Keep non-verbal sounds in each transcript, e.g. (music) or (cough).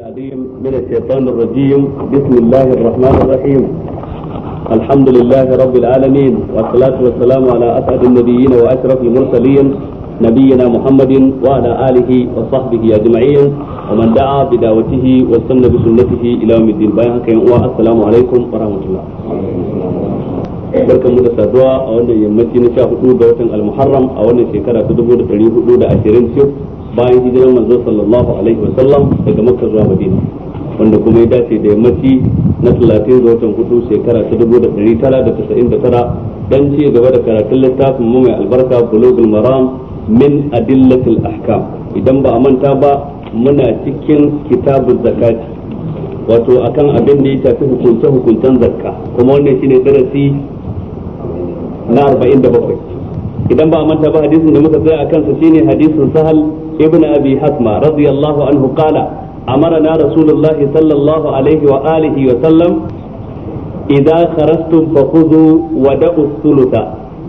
العليم من الشيطان الرجيم بسم الله الرحمن الرحيم الحمد لله رب العالمين والصلاة والسلام على أسعد النبيين وأشرف المرسلين نبينا محمد وعلى آله وصحبه أجمعين ومن دعا بدعوته واستنى بسنته إلى يوم الدين بيان والسلام عليكم ورحمة الله barkan mu da saduwa a wannan yammaci na 14 ga watan al-Muharram a wannan shekara ta 1420 bayan hijirar manzo sallallahu alaihi wasallam daga makka zuwa madina wanda kuma ya dace da yammaci na 30 ga watan hudu shekara ta dubu da da da tara tara dan ci gaba da karatun littafin mu mai albarka bulugul maram min adillatil ahkam idan ba a manta ba muna cikin kitabun zakati wato akan abin da ya shafi hukunce hukuncen zakka kuma wannan shine darasi na 47 idan ba a manta ba hadisin da muka tsaya a kansa shine hadisin sahal ابن أبي حتمة رضي الله عنه قال أمرنا رسول الله صلى الله عليه وآله وسلم إذا خرجتم فخذوا ودعوا الثلث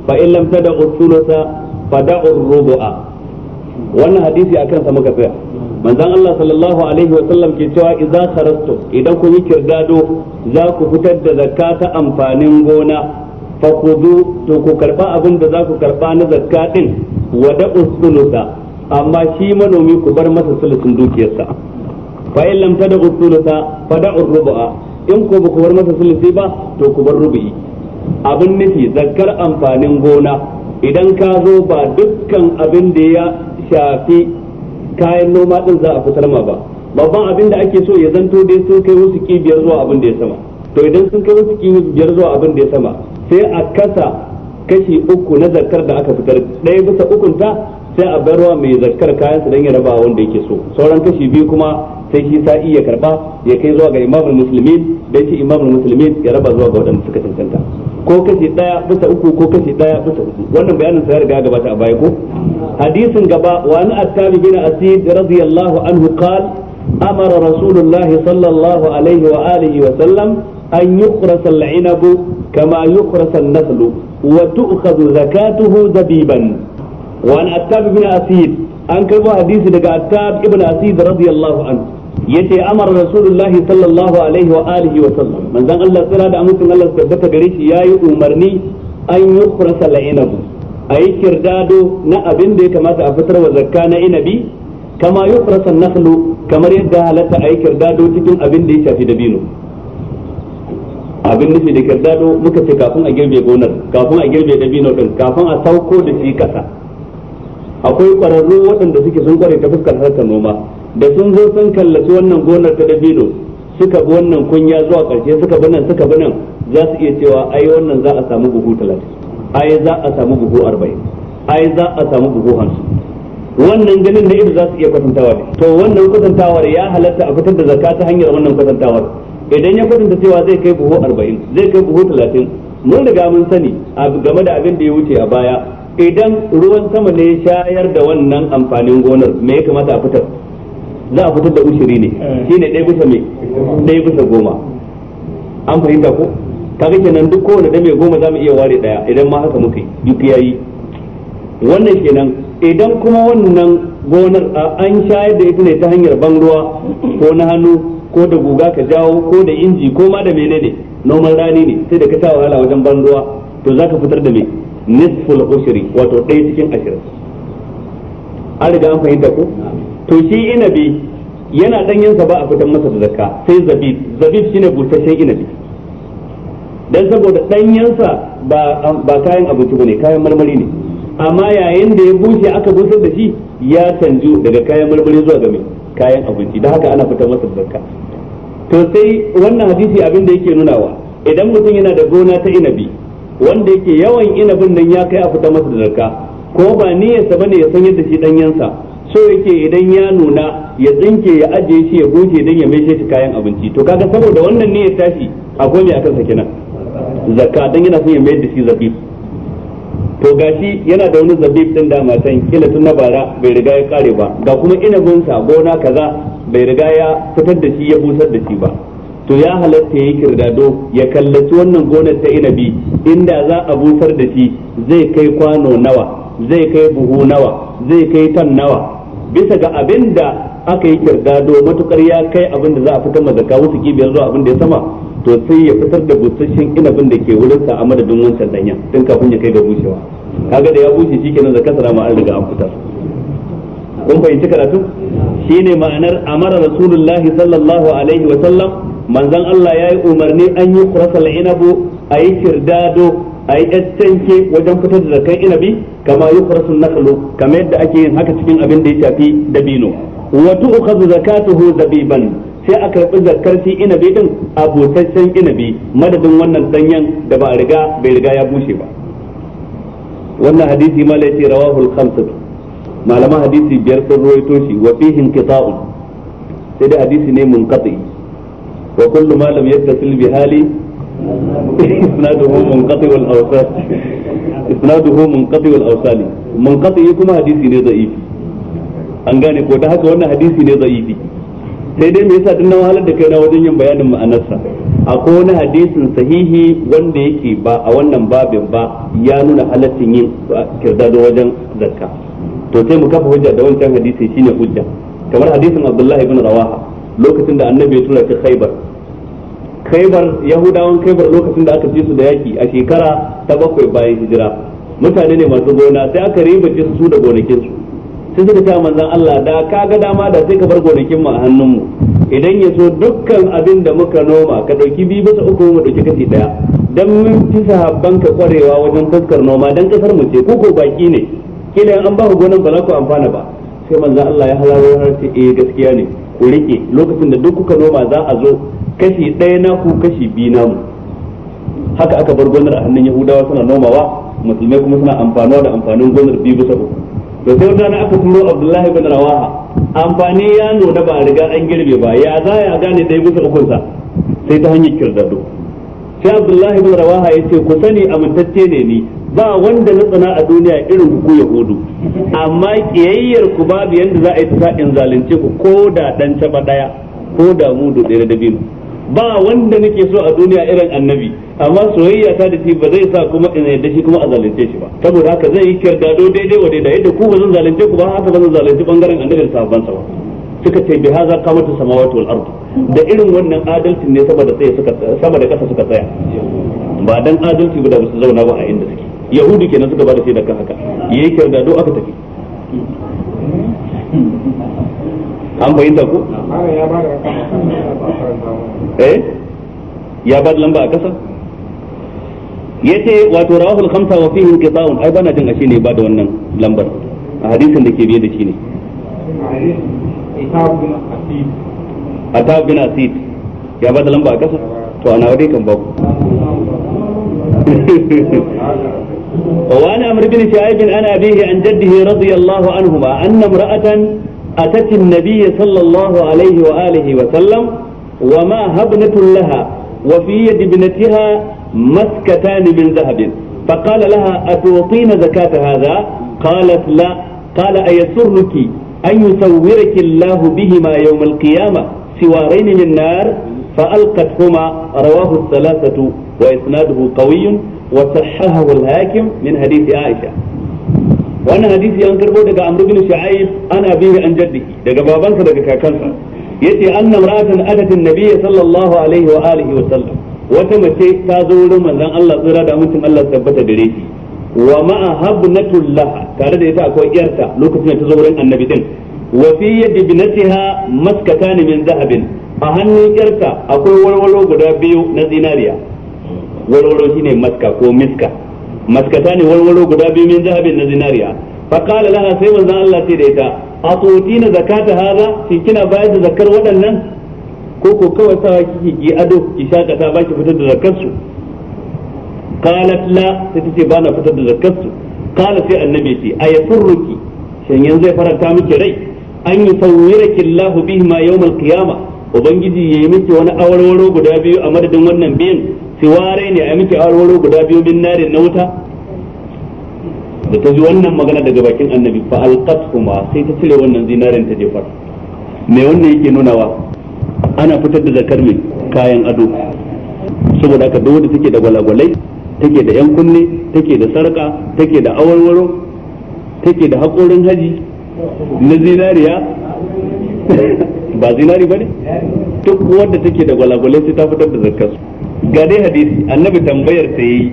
فإن لم تدعوا الثلث فدعوا الربع wannan hadisi akan sa muka tsaya manzon Allah sallallahu alaihi wa sallam ke cewa idza kharastum idan kun yi kirdado za ku fitar da zakka ta amfanin gona fa khudu ku karba abin da za karba na zakka ɗin wa usulusa amma shi manomi ku bar masa sulusun dukiyarsa fa in lam tad'u sulusa fad'u rubu'a in ko ku bar masa sulusi ba to ku bar rubu'i abin nufi zakkar amfanin gona idan ka zo ba dukkan abin da ya shafi kayan noma din za a fitar ma ba babban abin da ake so ya zanto dai sun kai wasu biyar zuwa abin da ya sama to idan sun kai wasu biyar zuwa abin da ya sama sai a kasa kashi uku na zakar da aka fitar ɗaya bisa ukun ta sai a barwa mai zakkar kayansa dan ya raba wanda yake so sauran kashi biyu kuma sai shi sa iya karba ya kai zuwa ga imamul muslimin dan shi imamul musulmin ya raba zuwa ga waɗanda suka cancanta ko kashi daya bisa uku ko kashi daya bisa uku wannan bayanin sa ya riga gabata a baya ko hadisin gaba wa an attabi bin asid radiyallahu anhu qal amara rasulullah sallallahu alaihi wa alihi wa sallam an yukhrasa al-inabu kama yukhrasa an-naslu wa tu'khadhu zakatuhu dabiban وعن عتاب بن أسيد أن كربوا حديث لك عتاب بن أسيد رضي الله عنه yace amar rasulullahi sallallahu alaihi wa alihi wa sallam manzon Allah tsira da amincin Allah su tabbata gare shi yayi umarni an yukhrasa la'inabu ayi kirdado na abin da ya kamata a fitar wa zakka na inabi kama yukhrasa nakhlu kamar yadda halatta ayi kirdado cikin abin da ya shafi dabino abin nufi da kirdado muka ce kafin a girbe gonar kafin a girbe dabino din kafin a sauko da shi kasa akwai kwararru waɗanda suke sun kware ta fuskar harkar noma da sun zo sun kallaci wannan gonar ta dabino suka bi wannan kunya zuwa ƙarshe suka bi nan suka bi nan za su iya cewa ai wannan za a samu buhu talatin ai za a samu buhu arba'in ai za a samu buhu hamsin wannan ganin da ido za su iya kwatantawa ne to wannan kwatantawar ya halatta a fitar da zakka ta hanyar wannan kwatantawar idan ya kwatanta cewa zai kai buhu arba'in zai kai buhu talatin mun riga mun sani game da abin da ya wuce a baya idan ruwan sama ne shayar da wannan amfanin gonar me ya kamata a fitar za a fitar da ushiri ne eh. shi ne ɗaya bisa mai ɗaya bisa goma an fahimta ko ta kaga kenan duk kowane da mai goma za mu iya ware ɗaya idan ma haka muka duk yi wannan kenan idan kuma wannan gonar an shayar da ita ne ta hanyar ban ruwa ko na hannu ko da guga ka jawo ko da inji ko ma da menene noman rani ne sai da ka sa wahala wajen ban ruwa to zaka fitar da me nisful ushri wato ɗaya cikin ashirin an riga an fahimta ko to shi inabi yana ɗanyensa ba a fitan masa da zakka sai zabib zabib shine busasshen inabi dan saboda ɗanyensa um, ba kayan abinci bane kayan marmari ne amma yayin da ya bushe aka busar da shi ya canju daga kayan marmari zuwa ga mai kayan abinci da haka ana fitan masa da zakka to sai wannan hadisi abin da yake nunawa idan mutum yana da gona ta inabi wanda yake yawan inabin nan ya kai a fita masa da zakka ko ba niyyarsa bane ya san yadda shi danyensa so yake idan ya nuna ya tsinke ya ajiye shi ya goce dan ya maishe shi kayan abinci to kaga saboda wannan niyyar tashi akwai mai akan sa kenan zakka dan yana son ya mayar da shi zabib to gashi yana da wani zabib din da matan kila tun na bara bai riga ya kare ba ga kuma inabinsa gona kaza bai riga ya fitar da shi ya busar da shi ba to ya halatta ya yi kirdado ya kallaci wannan gonar ta inabi inda za a busar da shi zai kai kwano nawa zai kai buhu nawa zai kai tan nawa bisa ga abin da aka yi kirdado matukar ya kai abin da za a fitar mazaka wasu kibiyar zuwa abin da ya sama to sai ya fitar da busasshen inabin da ke wurinsa a madadin wancan danyen tun kafin ya kai ga bushewa kaga da ya bushe kenan zakar sa ma an riga an fitar kun fahimci karatu shine ma'anar amara rasulullahi sallallahu alaihi wa sallam manzon Allah ya yi umarni an yi kurasal inabu a yi kirdado a yi canke wajen fitar da zakan inabi kama yi kurasul nakalu kama yadda ake yin haka cikin abin da ya shafi dabino wa tu'khadhu zakatuhu zabiban sai a karɓi zakar shi inabi din abotaccen inabi madadin wannan danyen da ba a riga bai riga ya bushe ba wannan hadisi ma laifin rawahul khamsatu malaman hadisi biyar sun ruwaito shi wa fihin kitabun sai da hadisi ne munqati wa kullu ma lam yattasil bi hali isnaduhu munqati wal awsal isnaduhu munqati wal awsal munqati kuma hadisi ne an gane ko da haka wannan hadisi ne da'ifi sai dai me yasa dinnan halin da kai na wajen yin bayanin ma'anarsa akwai wani hadisin sahihi wanda yake ba a wannan babin ba ya nuna halaccin yin kirda da wajen zakka to sai mu kafa hujja da wancan hadisi shine hujja kamar hadisin Abdullahi ibn Rawaha lokacin da annabi ya tura ta Khaibar kaibar yahudawan kaibar lokacin da aka ci su da yaki a shekara ta bakwai bayan hijira mutane ne masu gona sai aka riba ce su da gonakin su sai suka ta manzan Allah da ka ga dama da sai ka bar gonakin mu a hannun mu idan ya so dukkan abin da muka noma ka dauki biyu bisa uku mu dauki kashi daya dan mun ci sahabban ka kwarewa wajen fuskar noma dan kasar mu ce ko ko baki ne kila an ba ku gonan ba ku amfana ba sai manzan Allah ya halawo har ce eh gaskiya ne ku rike lokacin da duk kuka noma za a zo kashi ɗaya na ku kashi biyu na mu haka aka bar gonar a hannun yahudawa suna nomawa musulmai kuma suna amfanuwa da amfanin gonar biyu bisa uku da sai wani aka turo abdullahi bin rawaha amfani ya nuna ba riga an girbe ba ya za ya gane ɗaya bisa sa sai ta hanyar kirdado sai abdullahi bin rawaha ya ce ku sani amintacce ne ni ba wanda na tsana a duniya irin ku yahudu amma kiyayyar ku babu yanda za a yi ta in zalunce ku ko da dan caba daya ko da mudu ɗaya da biyu. ba wanda nake so a duniya irin annabi amma soyayya ta da shi ba zai sa kuma in yadda shi kuma a zalunce shi ba saboda haka zai yi kirdado daidai wa daidai yadda ku ba zan zalunce ku ba haka ba zan zalunci bangaren annabi da sahabban sa ba suka ce bi haza kamata samawati wal ardu da irin wannan adalcin ne saboda tsaye suka saboda kasa suka tsaya ba dan adalci ba da su zauna ba a inda suke yahudu kenan suka ba da shi da kan haka yayi kirdado aka tafi an fahimta ko eh ya ba lamba a kasa yace wato rawahul khamsa wa fihi inqita'un ai bana jin ashe ne ba da wannan lambar a hadisin da ke biye da shi ne atab bin asid ya ba lamba a kasa to ana wadai kan babu وعن عمرو بن شعيب عن أبيه عن جده رضي الله عنهما أن امرأة أتت النبي صلى الله عليه وآله وسلم wa ma habnatul laha wa fi yadi ibnatiha maskatan min zahabin فقال لها أتوطين زكاة هذا قالت لا قال أيسرك أن يصورك الله بهما يوم القيامة سوارين من نار فألقتهما رواه الثلاثة وإسناده قوي وصححه الحاكم من حديث عائشة وأنا حديث أنكر بودك عمرو بن شعيب أنا أبيه عن جده دقى بابانك دقى كاكانسا yace anna mar'atan adatin nabiyyi sallallahu alaihi wa alihi wa sallam wata mace ta zo wurin manzon Allah tsira da mutum Allah tabbata gare shi wa ma'a habnatul laha tare da ita akwai iyarta lokacin da ta zo wurin annabi din wa fi yadi binatiha maskatan min zahabin a hannun iyarta akwai walwalo guda biyu na zinariya walwalo shine maska ko miska maskata walwalo guda biyu min zahabin na zinariya fa qala laha sai manzon Allah ce da ita a zakata haza shin kina bayar da zakar waɗannan ko ko kawai sawa kike ki ado ki shakata ba baki fitar da zakar su qalat la sai tace ba fitar da zakar su qala sai annabi ce ayasurruki shin yanzu zai faranta miki rai an yi sawwiraki Allah bihi ma yawmal qiyama ubangiji yayi miki wani awarwaro guda biyu a madadin wannan biyan siware ne a miki awarwaro guda biyu bin narin na wuta da ta ji wannan magana daga bakin annabi fa kuma sai ta cire wannan zinarin ta jefar me wannan yake wa. ana fitar da zakar mai kayan ado saboda haka duk wanda take da gwalagwalai take da yan kunne take da sarka take da awarwaro take da hakorin haji na zinariya ba zinari bane duk wanda take da gwalagwalai sai ta fitar da zakar ga dai hadisi annabi tambayar ta yi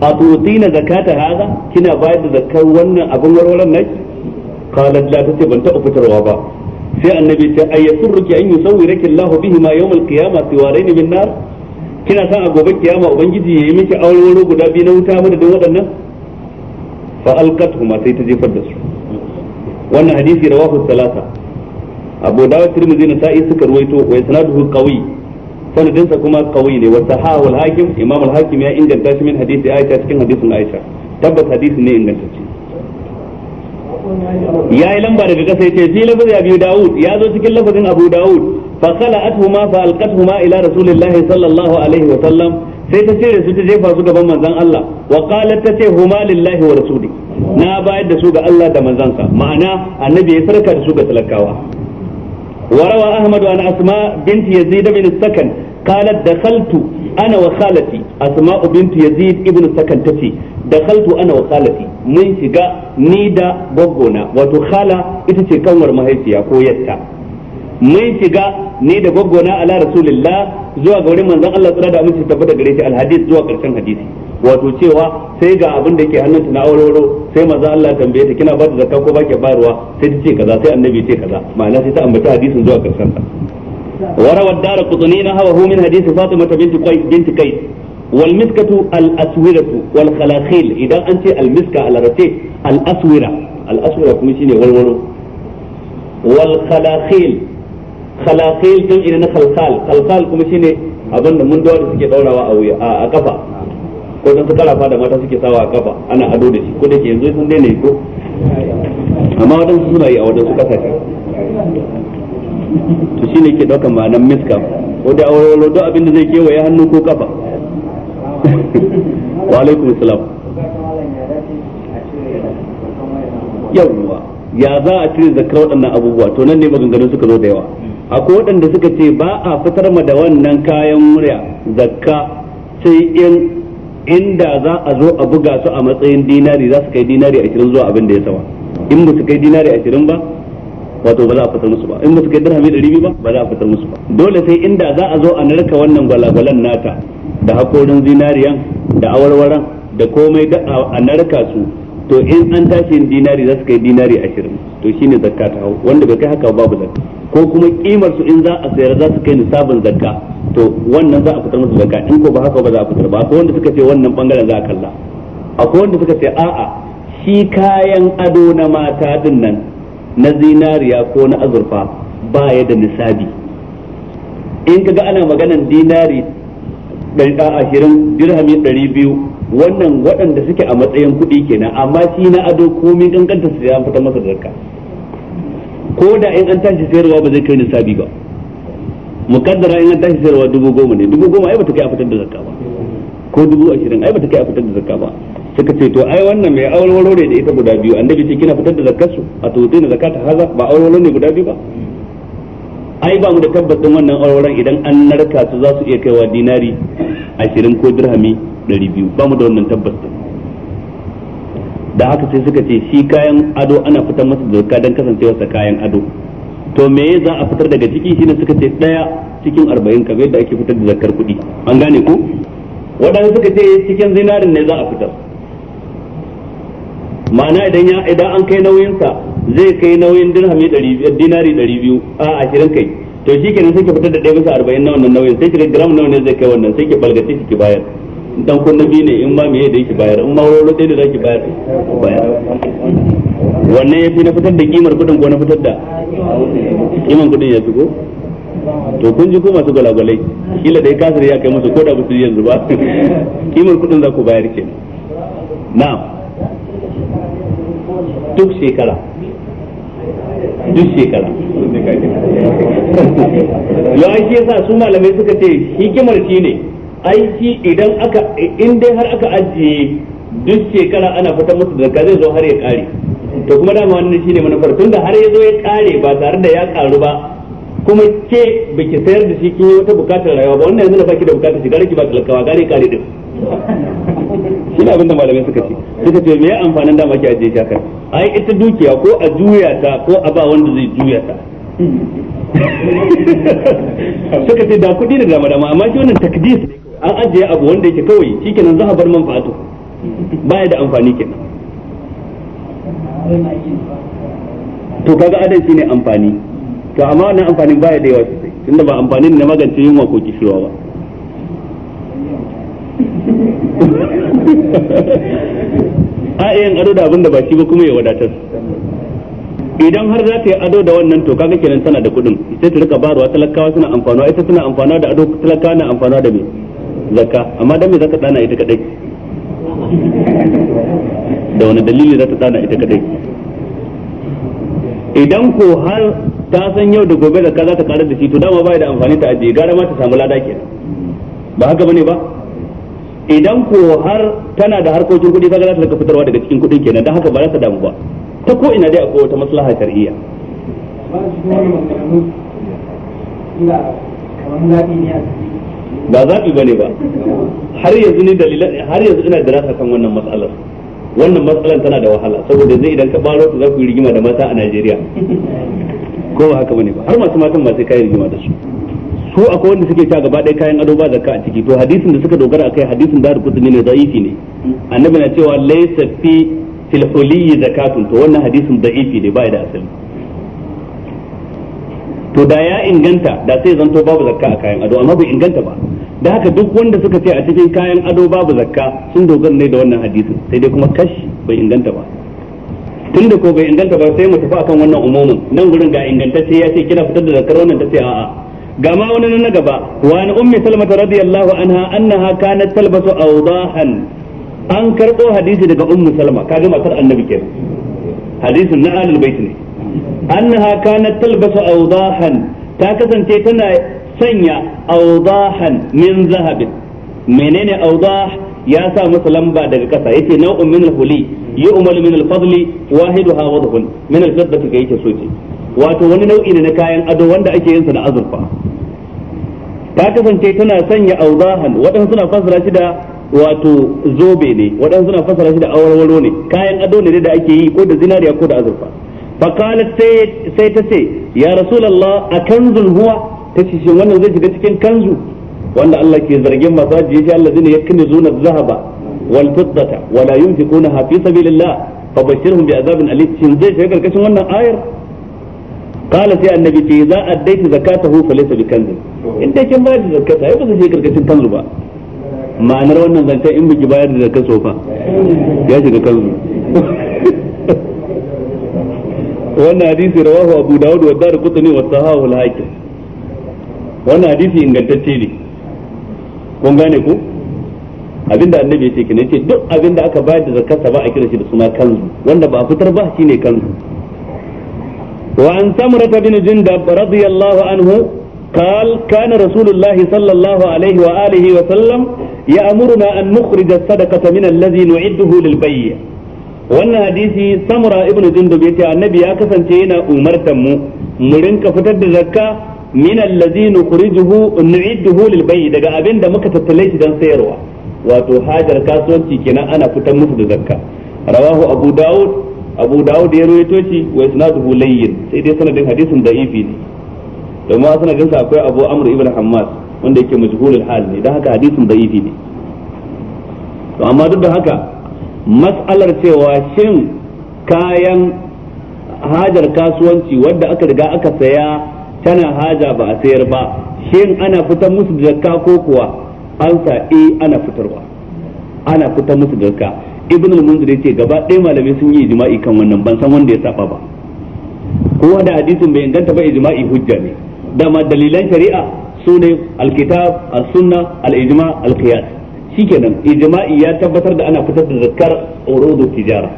na zakata haza kina bayar da zakar wannan abin warwaran naki qalat ta ce ban taɓa fitarwa ba sai annabi ta ay ruki an yusawwiraki Allah bihi ma yawm al-qiyamah nar kina san a gobe kiyama ubangiji yi miki aurewaro guda biyu na wuta duk waɗannan fa kuma sai ta jefar da su wannan hadisi rawahu salasa. Abu Dawud Tirmidhi na Sa'i suka ruwaito wa isnaduhu qawi sanadinsa kuma kawai ne wata hawal hakim imam al-hakim ya inganta shi min hadisi aisha cikin hadisin aisha tabbas hadisi ne ingantacce ya yi lamba daga kasa yace fi lafazin abu daud ya zo cikin lafazin abu daud fa khala'atuhuma fa alqatuhuma ila rasulillahi sallallahu alaihi wa sallam sai ta cire su ta jefa su gaban manzon Allah wa qalat ta ce huma lillahi wa rasuli na bayar da su ga Allah da manzansa ma'ana annabi ya sarka da su ga talakawa وروى أحمد عن أسماء بنت يزيد بن السكن قالت دخلت أنا وخالتي أسماء بنت يزيد ابن السكن تتي دخلت أنا وخالتي من شقا نيدا بوغونا وتخالى إتتي كومر مهيتيا كويتا mun shiga ni da gwaggona ala rasulillah zuwa ga wurin manzon Allah tsira da aminci tabbata gare shi alhadis zuwa karshen hadisi wato cewa sai ga abin da ke hannunta na auroro sai maza Allah tambaye ta kina ba da zakka ko ba ke bayarwa sai ta ce kaza sai annabi ce kaza ma'ana sai ta ambata hadisin zuwa karshen sa وروى الدار قطني نهوه من حديث فاطمة بنت قيس بنت قيس والمسكة الأسورة والخلاخيل إذا أنت المسكة على رتي الأسورة الأسورة كم شيء والولو والخلاخيل khalaqil jam'i na khalqal khalqal kuma shine abin da mun da suke daurawa a wuya a kafa ko dan karafa da mata suke sawa a kafa ana ado da shi ko da ke yanzu sun daina ko amma su suna yi a wadansu kasashe to shine yake daukan ma'anar miska ko da aurewolo duk abin da zai kewaye hannu ko kafa wa alaikum salam yawwa ya za a cire zakar waɗannan abubuwa to nan ne maganganun suka zo da yawa akwai waɗanda suka ce ba a fitar ma da wannan kayan murya zakka sai in inda za a zo a buga su a matsayin dinari za su kai dinari ashirin zuwa abin da ya sawa in ba su kai dinari ashirin ba wato ba za a fitar musu ba in ba su kai dirhami ɗari biyu ba ba za a fitar musu ba dole sai inda za a zo a narka wannan gwalagwalan nata da hakorin zinariyan da awarwaran da komai da a narka su to in an tashi dinari za su kai dinari ashirin to shine zakka ta hau wanda bai kai haka babu zakka ko kuma kimar su in za a sayar za su kai nisabin zakka to wannan za a fitar musu zakka in ko ba haka ba za a fitar ba akwai wanda suka ce wannan bangaren za a kalla akwai wanda suka ce a'a shi kayan ado na mata din nan na zinariya ko na azurfa ba ya da nisabi in kaga ana maganan dinari ashirin dirhami ɗari biyu wannan waɗanda suke a matsayin kuɗi kenan amma shi na ado komi ganganta su ya fitar masa zakka ko da in an tashi sayarwa ba zai kai nisabi ba mukaddara in an tashi sayarwa dubu goma ne dubu goma ai bata kai a fitar da zakka ba ko dubu ashirin ai bata kai a fitar da zakka ba suka ce to ai wannan mai aurewaro ne da ita guda biyu annabi ce kina fitar da zakkar su a tutai na zakata haza ba aurewaro ne guda biyu ba ai ba mu da tabbacin wannan aurewaron idan an narka su za su iya kaiwa dinari ashirin ko dirhami ɗari biyu ba mu da wannan tabbacin da haka sai suka ce shi kayan ado ana fitar masa da don dan sa kayan ado to me za a fitar daga ciki shine suka ce daya cikin arba'in kamar yadda ake fitar da zakar kuɗi an gane ku. waɗanda suka ce cikin zinarin ne za a fitar ma'ana idan ya idan an kai nauyinsa zai kai nauyin dirhami 200 dinari 200 a 20 kai to shi kenan sai ki fitar da ɗaya bisa arba'in na wannan nauyin sai ki gram nawa ne zai kai wannan sai ki balgace ki bayar dan kunna biyu ne in ma me da yake bayar in ma wani ɗaya da zaki bayar bayar wanne ya fi na fitar da kimar kudin ko na fitar da kimar kudin ya fi ko to kun ji ko masu gwalagwalai kila dai kasar ya kai musu ko da su yanzu ba kimar (laughs) kudin za ku bayar ke na duk shekara duk shekara yau shi yasa su malamai suka ce hikimar shi ne aiki idan aka in dai har aka ajiye duk shekara ana fitar musu da zai zo har ya kare to kuma dama wannan shine manufar tunda har ya zo ya kare ba tare da ya karu ba kuma ke biki sayar da shi kin yi wata bukatar rayuwa ba wannan yanzu da baki da bukatar shiga raki ba talakawa gare kare din shi ne abinda malamai suka ce suka ce me ya amfanin dama ki ajiye shakar ai ita dukiya ko a juya ta ko a ba wanda zai juya ta (laughs) suka ce da kuɗi da dama dama amma shi wannan takdis ne an ajiye abu wanda yake kawai shikenan za a bar man fatu baya da amfani kenan to kaga adan shine amfani to amma wannan amfanin baya da yawa sosai tunda ba amfanin na magance yunwa ko kishiwa ba (laughs) a yin ado da abin da ba shi ba kuma ya wadatar idan har za ta yi ado da wannan to kaga kenan tana da kuɗin sai ta rika barwa talakawa suna amfanuwa ita tana amfanuwa da ado talakawa na amfanuwa da me zakka amma dan me zaka dana ita kadai da wani dalili zaka dana ita kadai idan ko har ta san yau da gobe zakka za ta karar da shi to dama ba da amfani ta aje gara ma ta samu lada kenan ba haka bane ba idan ko har tana da harkokin kuɗi kaga za ta fitarwa daga cikin kuɗin kenan dan haka ba za ta damu ba ta ko ina dai akwai wata maslaha shar'iyya ba shi ina kamar ne a ba zaɓi bane ba har yanzu ne dalilan har yanzu ina rasa kan wannan matsalar wannan matsalar tana da wahala saboda zai idan ka baro ta za ku yi rigima da mata a Najeriya ko ba haka bane ba har masu matan ba sai kai rigima da su su akwai wanda suke cewa gaba ɗaya kayan ado ba zakka a ciki to hadisin da suka dogara akai hadisin da rukuni ne da'ifi ne annabi na cewa laysa fi fil zakatun to wannan hadisin da'ifi ne ba da asali to da ya inganta da sai zanto babu zakka a kayan ado amma bai inganta ba da haka duk wanda suka ce a cikin kayan ado babu zakka sun dogara ne da wannan hadisin sai dai kuma kashi bai inganta ba tunda ko bai inganta ba sai mu tafi akan wannan umumin nan gurin ga ingantacce ya ce kina fitar da zakkar wannan tace a'a ga ma wani na gaba wa an ummi salmata radiyallahu anha annaha kanat talbasu awdahan an karbo hadisi daga ummu salma kaga matar annabi kenan hadisin na alul bait ne annaha kanat talbasu awdahan ta kasance tana sanya awdahan min zahabin menene awdah ya sa masa lamba daga kasa yace nau'un min al-huli yu'mal min al-fadli wahiduha wadhun min al-fiddati kai yake soje wato wani nau'i ne na kayan ado wanda ake yin sa da azurfa ta kasance tana sanya awdahan waɗansu suna fasara shi da wato zobe ne waɗansu suna fasara shi da awarwaro ne kayan ado ne da ake yi ko da zinariya ko da azurfa faqalat sai sai ta ce ya rasulullah a kanzun huwa tace shin wannan zai shiga cikin kanzu wanda Allah ke zargin masu ajiye shi Allah zai yakni zuna zahaba wal fiddata wala yunfikunaha fi sabilillah fabashirhum bi azabin zai shiga karkashin wannan ayar قال سي النبي تي اذا اديت زكاته فليس بكنز ان dai kin bayar da zakata ai ba zai shiga karkashin kanzu ba ma'anar wannan zance in biki bayar da zakar sofa ya shiga kanzu wannan hadisi rawahu abu dawud wa darqutni wa sahahu al-hakim wannan hadisi ingantacce ne kun gane ku abinda annabi ya ce kina ce duk abinda aka bayar da zakarsa ba a kira shi da suna kanzu wanda ba a fitar ba shine kanzu wa an samurata bin jindab radiyallahu anhu قال كان رسول الله صلى الله عليه وآله وسلم يأمرنا أن نخرج الصدقة من الذي نعده للبيع wannan hadisi samura ibn jundub yace annabi ya kasance yana umartan mu mu rinka fitar da zakka min allazi nukhrijuhu nu'iduhu lil bay'i daga abinda muka tattale shi dan sayarwa wato hajar kasuwanci kenan ana fitar musu da zakka rawahu abu daud abu daud ya rawaito shi wa isnaduhu layyin sai dai sanadin hadisin da'ifi ne domin a sanadin sa akwai abu amr ibn hammas wanda yake majhulul hal ne dan haka hadisin da'ifi ne to amma duk da haka matsalar cewa shin kayan hajar kasuwanci wadda aka riga aka saya tana haja ba a sayar ba shin ana fitar musu da ko kuwa an sa eh ana fitarwa ana fitar musu da ibn al-munzir yace gaba ɗaya malamai sun yi ijma'i kan wannan ban san wanda ya saba ba kowa da hadisin bai inganta ba ijma'i hujja ne dama dalilan shari'a su ne alkitab as-sunna al-ijma' al-qiyas shikenan ijma'i ya tabbatar da ana fitar da zakkar urudu tijara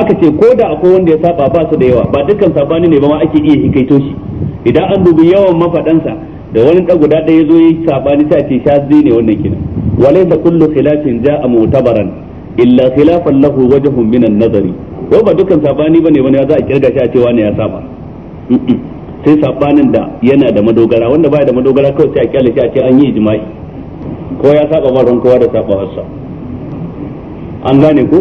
aka ce ko da akwai wanda ya saba ba su da yawa ba dukkan sabani ne ba ma ake iya hikaito shi idan an dubi yawan mafadansa da wani da guda ɗaya zo yi sabani sai ce shazi ne wannan kina walaysa kullu khilafin ja'a mu'tabaran illa khilafan lahu wajhun min an-nazari ko ba dukkan sabani bane bane za a kirga shi a cewa ne ya saba sai sabanin da yana da madogara wanda baya da madogara kawai sai a kyale shi a ce an yi ijma'i ko ya saba ba don kowa da saba wasa an gane ku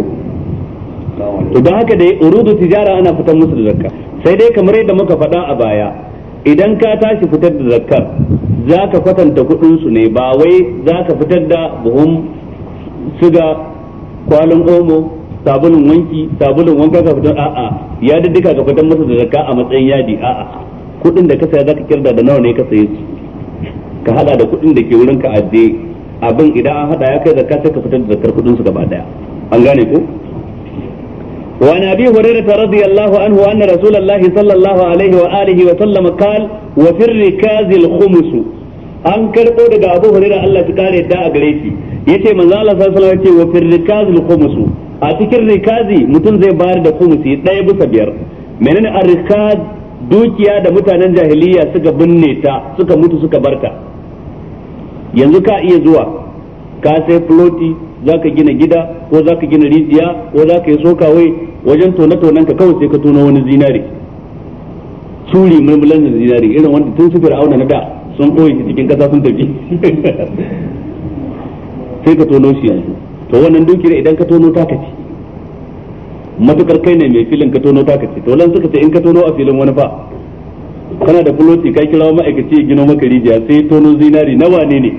to haka dai urudu tijara ana fitar musu da zakka sai dai kamar yadda muka faɗa a baya idan ka tashi fitar da zakkar za ka kwatanta kudin su ne ba wai za ka fitar da buhun siga kwalin omo sabulun wanki sabulun wanka ka fitar a'a ya duka ka fitar musu da zakka a matsayin yadi a'a kudin da ka saya zaka kirda da nawa ne ka saye su ka hada da kudin da ke wurin ka ajiye abin idan an hada ya kai zakka sai ka fitar da zakkar kudin su gaba daya an gane ko وعن ابي ta radiyallahu anhu anna rasulullahi sallallahu alaihi wa alihi wa sallam وسلم wa fir rikazil khums an karbo daga abu hurairar Allah ta kare da a gare shi yace manzo Allah sallallahu alaihi wasallam yace wa fil rikaz al khums a cikin rikazi mutum zai bayar da khumsi ɗaya bisa biyar menene ar rikaz dukiya da mutanen jahiliya suka binne ta suka mutu suka barka. yanzu ka iya zuwa ka sai floti za ka gina gida ko za ka gina rijiya ko za ka yi sokawai wajen tone-tonen ka kawai sai ka tono wani zinari turi mulmulan da zinari irin wanda tun su fir'auna na da sun koyi cikin kasa sun tafi (laughs) sai ka tono shi yanzu to wannan dukiyar idan ka tono ta ci matukar kai ne mai filin ka tono ta ci to lan suka ce in ka tono a filin wani fa kana da fuloti ka kira ma'aikaci ya gino maka rijiya sai tono zinari na wane ne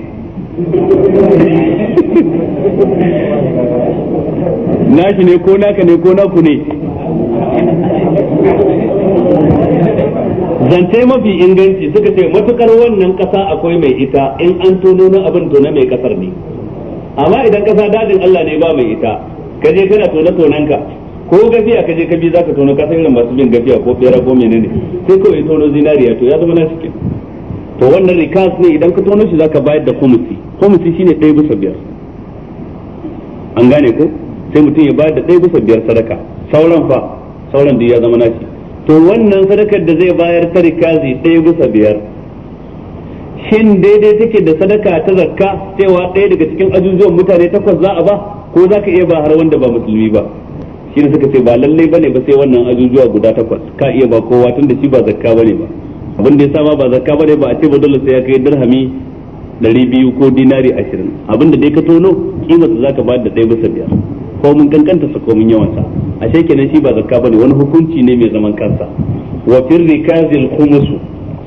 (laughs) nashi ne ko naka ne ko naku ne zance mafi inganci suka ce matukar wannan kasa akwai mai ita in an tono na abin tona mai kasar ne amma idan kasa dadin Allah ne ba mai ita ka je kana tona tonanka ko gafiya ka je ka bi zaka tono ka san irin masu bin gafiya ko bera ko menene sai kawai tono zinariya to ya zama na cikin to wannan rikas ne idan ka tono shi zaka bayar da kumusi kumusi shine ɗaya bisa biyar an gane ko sai mutum ya bayar da ɗaya bisa biyar sadaka sauran fa sauran da ya zama na nashi to wannan sadakar da zai bayar ta rikazi ɗaya bisa biyar shin daidai take da sadaka ta zakka cewa ɗaya daga cikin ajujuwan mutane takwas za a ba ko za ka iya ba har wanda ba musulmi ba shi ne suka ce ba lallai bane ba sai wannan ajujuwa guda takwas ka iya ba kowa tun da shi ba zakka bane ba abin da ya sama ba zakka bane ba a ce ba dole sai ya kai dirhami ɗari biyu ko dinari ashirin abin da dai ka tono kimar za ka ba da ɗaya bisa biyar ko mun kankanta sa ko mun a shi kenan shi ba zakka bane wani hukunci ne mai zaman kansa wa fir rikazil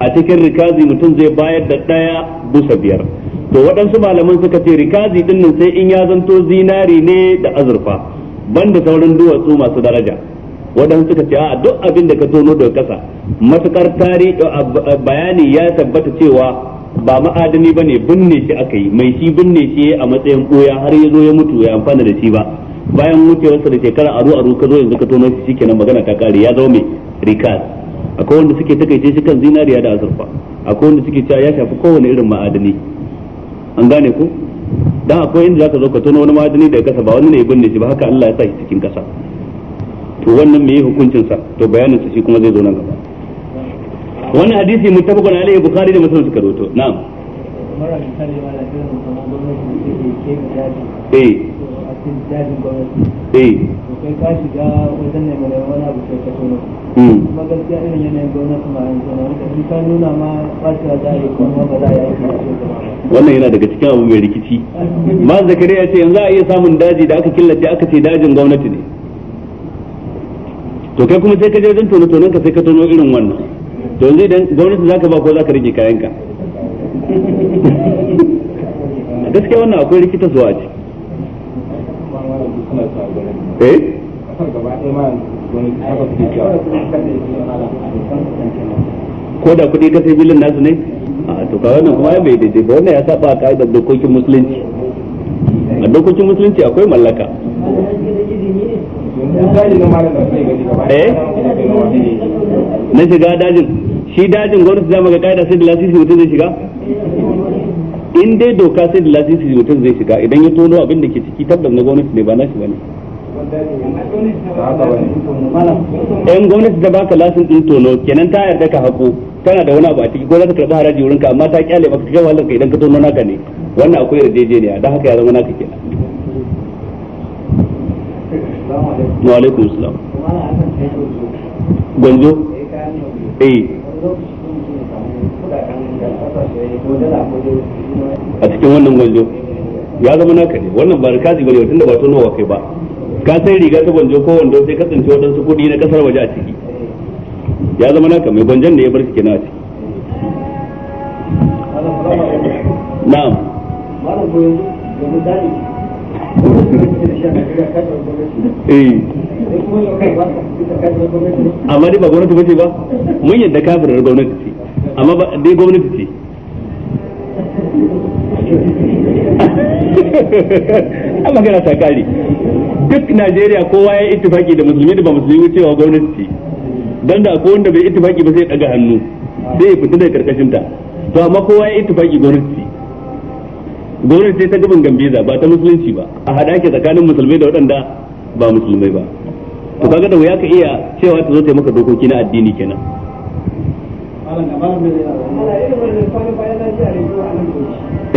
a cikin rikazi mutum zai bayar da ɗaya bisa biyar to waɗansu malaman suka ce rikazi ɗin sai in ya zanto zinari ne da azurfa banda sauran duwatsu masu daraja wadanda suka ce a duk abin da ka tono daga kasa matukar tarihi bayani ya tabbata cewa ba ma'adani bane binne shi aka yi mai shi binne shi a matsayin koya har ya ya mutu ya amfana da shi ba bayan wucewarsa da shekara aru aru ka zo yanzu ka tono shi shikenan magana ta kare ya zama mai rikal akwai wanda suke takaice shi kan zinariya da azurfa akwai wanda suke cewa ya shafi kowane irin ma'adani an gane ku? dan akwai inda zaka zo ka tono wani madani daga kasa ba wani ne ya binne shi ba haka Allah ya sa shi cikin kasa to wannan me hukuncin sa to bayanin sa shi kuma zai zo nan gaba wannan hadisi muttafaqun alaihi bukhari da muslim suka rawaito na'am eh eh kai ka shiga wajen ne mai wani abu sai ka tono hmm. kuma gaskiya irin yanayin gwamnati ma yanzu na wanda in ka nuna ma ɓacewa za a yi kuma ba za a yi aiki da shi wannan yana daga cikin abu mai rikici ma zakari ya ce yanzu a iya samun daji da aka killace aka ce dajin gwamnati ne to kai kuma sai ka je wajen tono tonon ka sai ka tono irin wannan to yanzu idan gwamnati za ka ba ko za ka rage kayanka (laughs) gaskiya wannan akwai rikitarwa ce eh ko da kuɗi ka sai bilin nasu ne a to wannan kuma bai daidai ba wannan ya saba dokokin musulunci a dokokin musulunci akwai mallaka eh na shiga dajin shi dajin gwamnati za mu ga ka'ida sai da lasisi mutum zai shiga in dai doka sai da lasisi mutum zai shiga idan ya tono abin da ke ciki tabbas na gwamnati ne ba na shi bane yan gwamnati ta baka lasin din tono kenan ta yarda ka hako tana da wani abu a ciki ko za ka karɓi haraji wurin ka amma ta kyale baka shiga wahalar ka idan ka tono naka ne wannan akwai yarjejeniya don haka ya zama naka kenan wa alaikum salam gonjo eh a cikin wannan gwanjo ya zama naka ne wannan ba rikazi bane tunda ba tono wa kai ba ka sai riga ta gwanjo ko wanda sai kasance waɗansu kuɗi na kasar waje a ciki ya zama naka mai gwanjon da ya bar kenan a ciki na'am eh. amma dai ba gwamnati ba ce ba mun yadda kafirar gwamnati ce amma dai gwamnati ce an magana ta kare duk najeriya kowa ya ittifaki da musulmi da ba musulmi cewa gwamnati don da akwai wanda bai ittifaki ba sai daga hannu sai ya fita daga karkashin ta to amma kowa ya ittifaki gwamnati gwamnati ta gaban gambeza ba ta musulunci ba a hada ke tsakanin musulmai da waɗanda ba musulmai ba to kaga da wuya ka iya cewa ta zo ta maka dokoki na addini kenan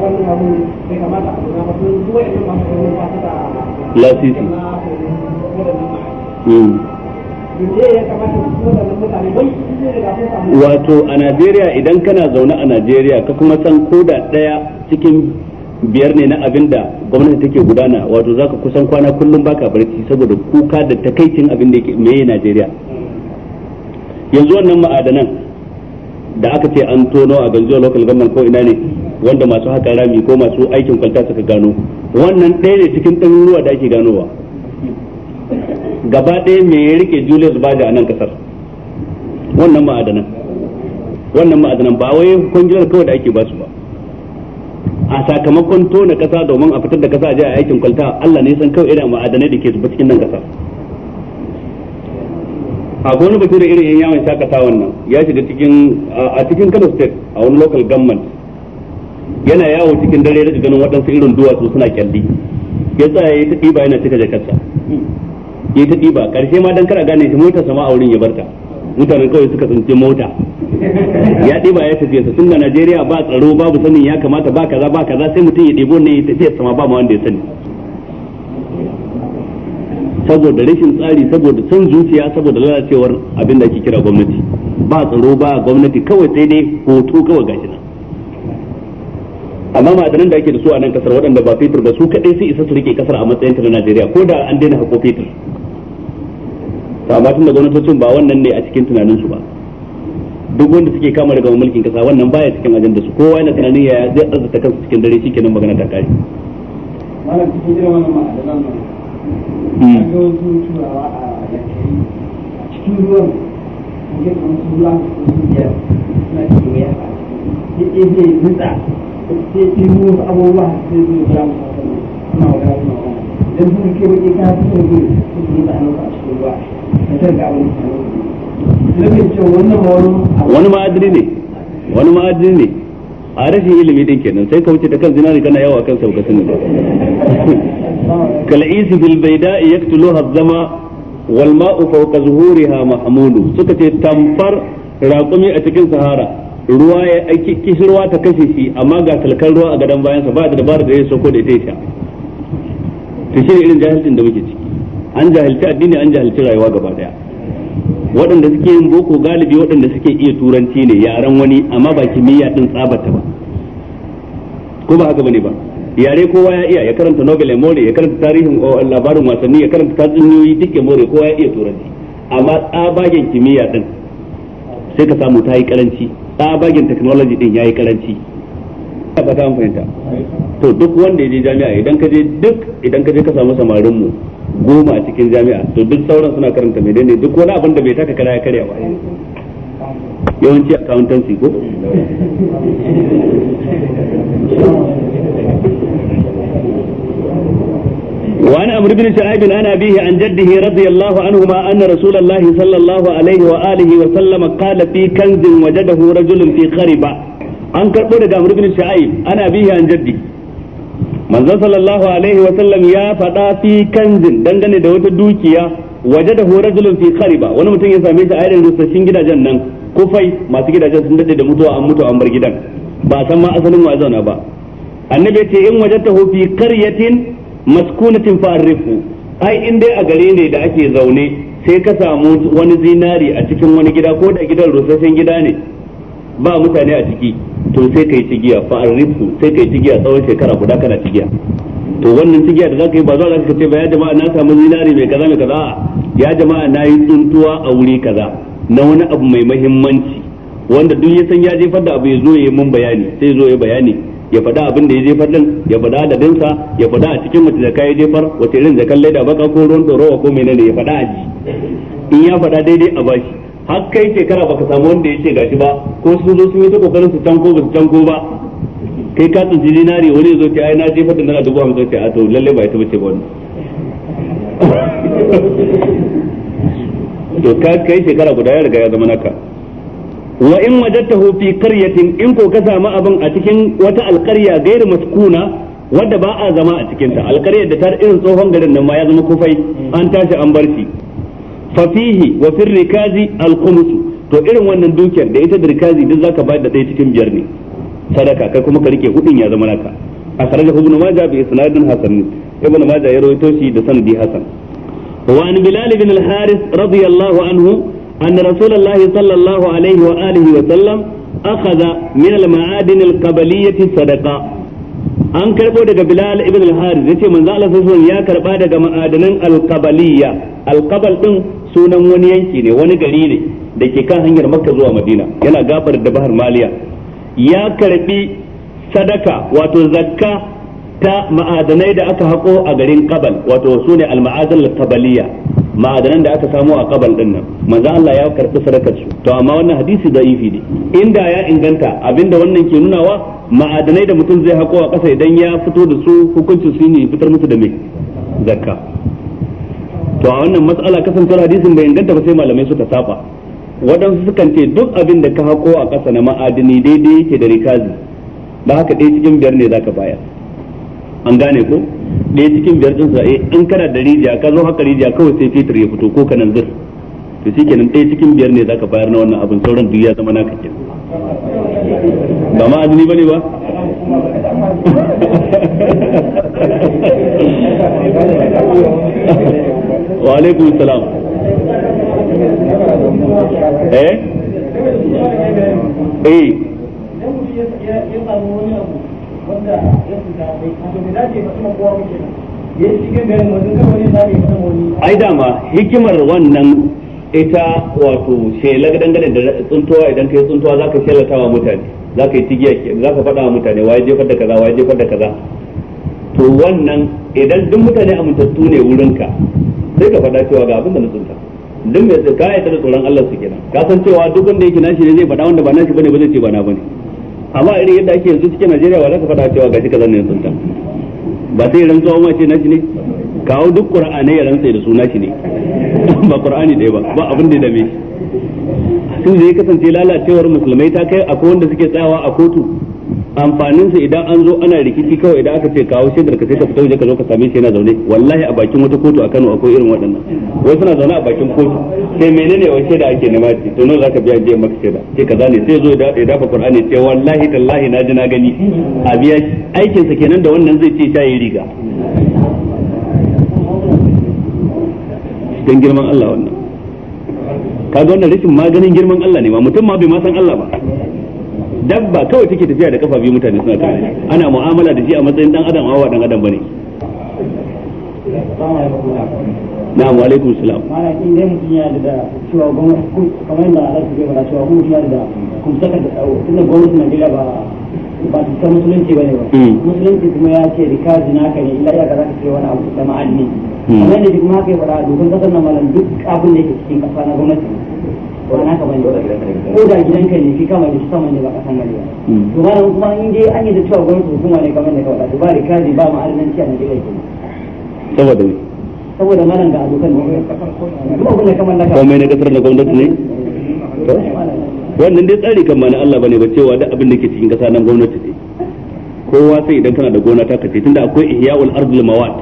Hmm. wato a najeriya idan kana zaune a najeriya ka kuma san koda ɗaya cikin biyar ne na abin da gwamnati take gudana wato za ka kusan kwana kullum baka barci saboda kuka da takaicin abin da yake meye najeriya yanzu wannan ma'adanan da aka ce an tono a ganjo local government ko ina ne wanda masu haka rami ko masu aikin kwalta suka gano wannan ɗaya ne cikin ɗaruruwa da ake ganowa gaba ɗaya mai ya rike Julius Baja a nan kasar wannan ma'adanan wannan ma'adanan ba wai kungiyar kawai da ake basu ba a sakamakon tona kasa domin a fitar da kasa a je a aikin kwalta Allah ne san kawai irin ma'adanai da ke zuba cikin nan kasa a wani bature irin yan yawon shakata wannan ya shiga cikin a cikin Kano state a wani local government yana yawo cikin dare da ganin waɗansu irin duwatsu suna kyalli ya tsaya ya ta ɗiba yana cika jakarta ya ta ɗiba ƙarshe ma don kara gane shi motar sama a wurin ya barta mutanen kawai suka tsinci mota ya ɗiba ya tafiya sa tunda Najeriya ba tsaro babu sanin ya kamata ba kaza ba kaza sai mutum ya ɗebo ne ya tafiya sama ba ma wanda ya sani saboda rashin tsari saboda son zuciya saboda lalacewar abin da ake kira gwamnati ba tsaro ba gwamnati kawai sai dai hoto kawai gashi nan amma ma'adanan da ake da su a nan kasar waɗanda ba fetur ba su kaɗai sai isa su rike kasar a matsayin ta na Najeriya ko da an daina hako fetur to amma tun da gwamnatocin ba wannan ne a cikin tunanin su ba duk wanda suke kama daga mulkin kasa wannan baya cikin ajandar su kowa yana tunanin ya zai arzuta kansa cikin dare shikenan magana ta kare malam cikin irin wannan ma'adanan nan ga hmm. wasu turawa a yankari cikin ruwan ne kamar su lafi su biyar suna cikin yasa zai nutsa sai ki a wani ma'adiri ne a rashin ilimi din kenan sai ka wuce ta kan zinari kana yawo kan sauka sunan (laughs) kal isi bil baida'i yaqtuluha zama wal ma'u fawqa zuhuriha mahmulu suka ce tamfar raƙumi a cikin sahara ruwa ya aiki kishirwa ta kashe shi amma ga talkan ruwa a gadon bayansa ba da dabarar da ya soko da ita ya sha to shi irin jahilcin da muke ciki an jahilci addini an jahilci rayuwa gaba daya waɗanda suke yin boko galibi waɗanda suke iya turanci ne yaren wani amma ba kimiyya din tsabata ba ko ba haka bane ba yare kowa ya iya ya karanta Nobel more ya karanta tarihin oh, labarin wasanni ya karanta tatsuniyoyi duk ya more kowa ya iya turanci amma tsabagen kimiyya din sai ka samu ta yi karanci tsabagen technology din yayi karanci ka ba ta fahimta to duk wanda ya je jami'a idan ka je duk idan ka je ka samu samarin mu goma a cikin jami'a to duk sauran suna karanta ne duk wani abin da bai taka kara ya karya ba yawanci accountancy ko وعن عمرو بن شعيب عن أبيه عن جده رضي الله عنهما أن رسول الله صلى الله عليه وآله وسلم قال في كنز وجده رجل في خربة an karɓo daga Amr ibn Shu'aib ana bihi an jaddi manzon sallallahu alaihi wa sallam ya faɗa fi kanzin dangane da wata dukiya waje da rajulun fi khariba wani mutum ya same shi a irin rusasshin gidajen nan kufai masu gidajen sun dade da mutuwa an mutu an bar gidan ba a san ma asalin wa ba annabi ce in wajadtahu fi karyatin. maskunatin fa ai in dai a gare ne da ake zaune sai ka samu wani zinari a cikin wani gida ko da gidan rusasshen gida ne ba mutane a ciki to sai kai cigiya fa sai kai cigiya tsawon shekara guda kana cigiya to wannan cigiya da zaka yi ba za ka ce ba ya jama'a na samu zinari mai kaza mai kaza ya jama'a na yi tsuntuwa a wuri kaza na wani abu mai mahimmanci wanda duk ya san ya jefar da abu ya zo ya yi mun bayani sai zo ya bayani ya faɗa abin da ya jefar din ya faɗa dinsa ya faɗa a cikin mace da ya jefar wace irin da kalle da baka ko ruwan dorowa ko menene ya faɗa a ji in ya faɗa daidai a bashi har kai shekara baka samu wanda ya ce gashi ba ko sun zo sun yi ta kokarin su canko ba su canko ba kai ka tsinci dinari wani ya zo ce ai na jefar da naira dubu hamsin ce a to lalle ba ita ce ba wani. (laughs) to ka kai shekara guda ya riga ya zama naka wa in wajadtahu fi qaryatin in ko ka samu abin a cikin wata alƙarya gairu maskuna wadda ba a zama a cikin ta alƙaryar da ta irin tsohon garin nan ma ya zama kufai an tashi an bar shi fa fihi wa fi rikazi alqumsu to irin wannan dukiyar da ita da rikazi duk zaka bayar da ɗaya cikin biyar ne sadaka kai kuma ka rike hudin ya zama naka a sarrafa ibnu majah bi isnadin hasan ibnu majah ya rawaito shi da sanadi hasan wa an bilal bin al haris radiyallahu anhu أن رسول الله صلى الله عليه وآله وسلم أخذ من المعادن القبلية صدقة an karɓo daga Bilal ibn al ya ce manza Allah sallallahu ya karɓa daga ma'adanan al-Qabaliyya al-Qabal din sunan wani yanki ne wani gari ne da ke kan hanyar Makka zuwa Madina yana gabar da Bahar Maliya ya karɓi sadaka wato zakka ta ma'adanai da aka haƙo a garin kabal wato sune al-ma'adan al-Qabaliyya ma'adanan da aka samu a kabal din nan manzo Allah ya karbi sadakar su to amma wannan hadisi da'ifi ne inda ya inganta abinda wannan ke nunawa ma'adanai da mutum zai hako a kasa idan ya fito da su hukuncin su ne fitar musu da mai zakka to a wannan mas'ala kasancewar hadisin bai inganta ba sai malamai suka saba waɗansu sukan ce duk abin da ka hako a kasa na ma'adini daidai yake da rikazi ba haka ɗaya cikin biyar ne zaka bayar an gane ko ɗaya cikin biyar ɗin sa eh, in kana da rijiya ka zo haka rijiya kawai sai fitar ya fito ko kanan zir to shi kenan ɗaya cikin biyar ne zaka bayar na wannan abin sauran duk ya zama naka kenan ba ma azumi bane ba (laughs) wa alaikum salam eh eh wanda ya fita bai kaso bai dace ba kuma kowa muke ya shige ai dama hikimar wannan ita wato shela dangane da tsuntuwa idan kai tsuntuwa zaka shelata wa mutane zaka yi tigiya zaka faɗa wa mutane waye jefar da kaza waye jefar da kaza to wannan idan duk mutane amintattu ne wurinka sai ka faɗa cewa ga abin da na tsunta duk mai ka yarda da tsoron Allah su kenan ka san cewa duk wanda yake nashi ne zai faɗa wanda ba nashi bane ba zai ce ba na bane amma irin yadda ake yanzu cikin Najeriya ba za ka faɗa cewa gashi kaza ne sultan ba sai rantsuwa mace na shi ne kawo duk qur'ani ya rantsa da suna shi ne ba qur'ani dai ba ba abin da ya dame shi sun zai kasance lalacewar musulmai ta kai akwai wanda suke tsayawa a kotu amfanin sa idan an zo ana rikici kawai idan aka ce kawo shaidar ka sai ka fito waje ka zo ka same shi yana zaune wallahi a bakin wata kotu a Kano akwai irin waɗannan wai suna zaune a bakin kotu sai menene wai shaida ake nema ce to nan zaka biya je maka shaida sai kaza ne sai zo ya dafa Qur'ani sai wallahi tallahi na ji na gani a biya aikin sa kenan da wannan zai ce ta yi riga dan girman Allah wannan kaga wannan rashin maganin girman Allah ne ma mutum ma bai ma san Allah ba dabba kawai take tafiya da kafa biyu mutane suna tare ana mu'amala da shi a matsayin dan adam awa dan adam bane na'am wa alaikum salam mana kin dai mutun ya da cewa gwamnati kamar yadda Allah ya bada cewa gwamnati ya da kun saka da tunda gwamnati Najeriya ba ba ta san musulunci bane ba hmm. musulunci kuma ya ce rikazi naka ne illa ya ga zaka ce wani abu da ma'anni hmm. amma yadda kuma haka ya fara dokar kasar na malam duk abin da yake cikin kasa na gwamnati ba naka bane ko da gidanka ne fi kama da shi sama ne ba kasan wani ba hmm. to ba kuma in dai an yi da cewa gwamnati hukuma ne kamar da kawai ba rikali ba ma'adanci a Najeriya kenan saboda ne saboda malam ga abokan kuma kuma kamar naka komai na kasar da gwamnati ne wannan dai tsari kan na Allah bane ba cewa da abin da ke cikin kasa nan gwamnati ne kowa sai idan kana da gona ta kace tunda akwai ihya'ul ardil mawat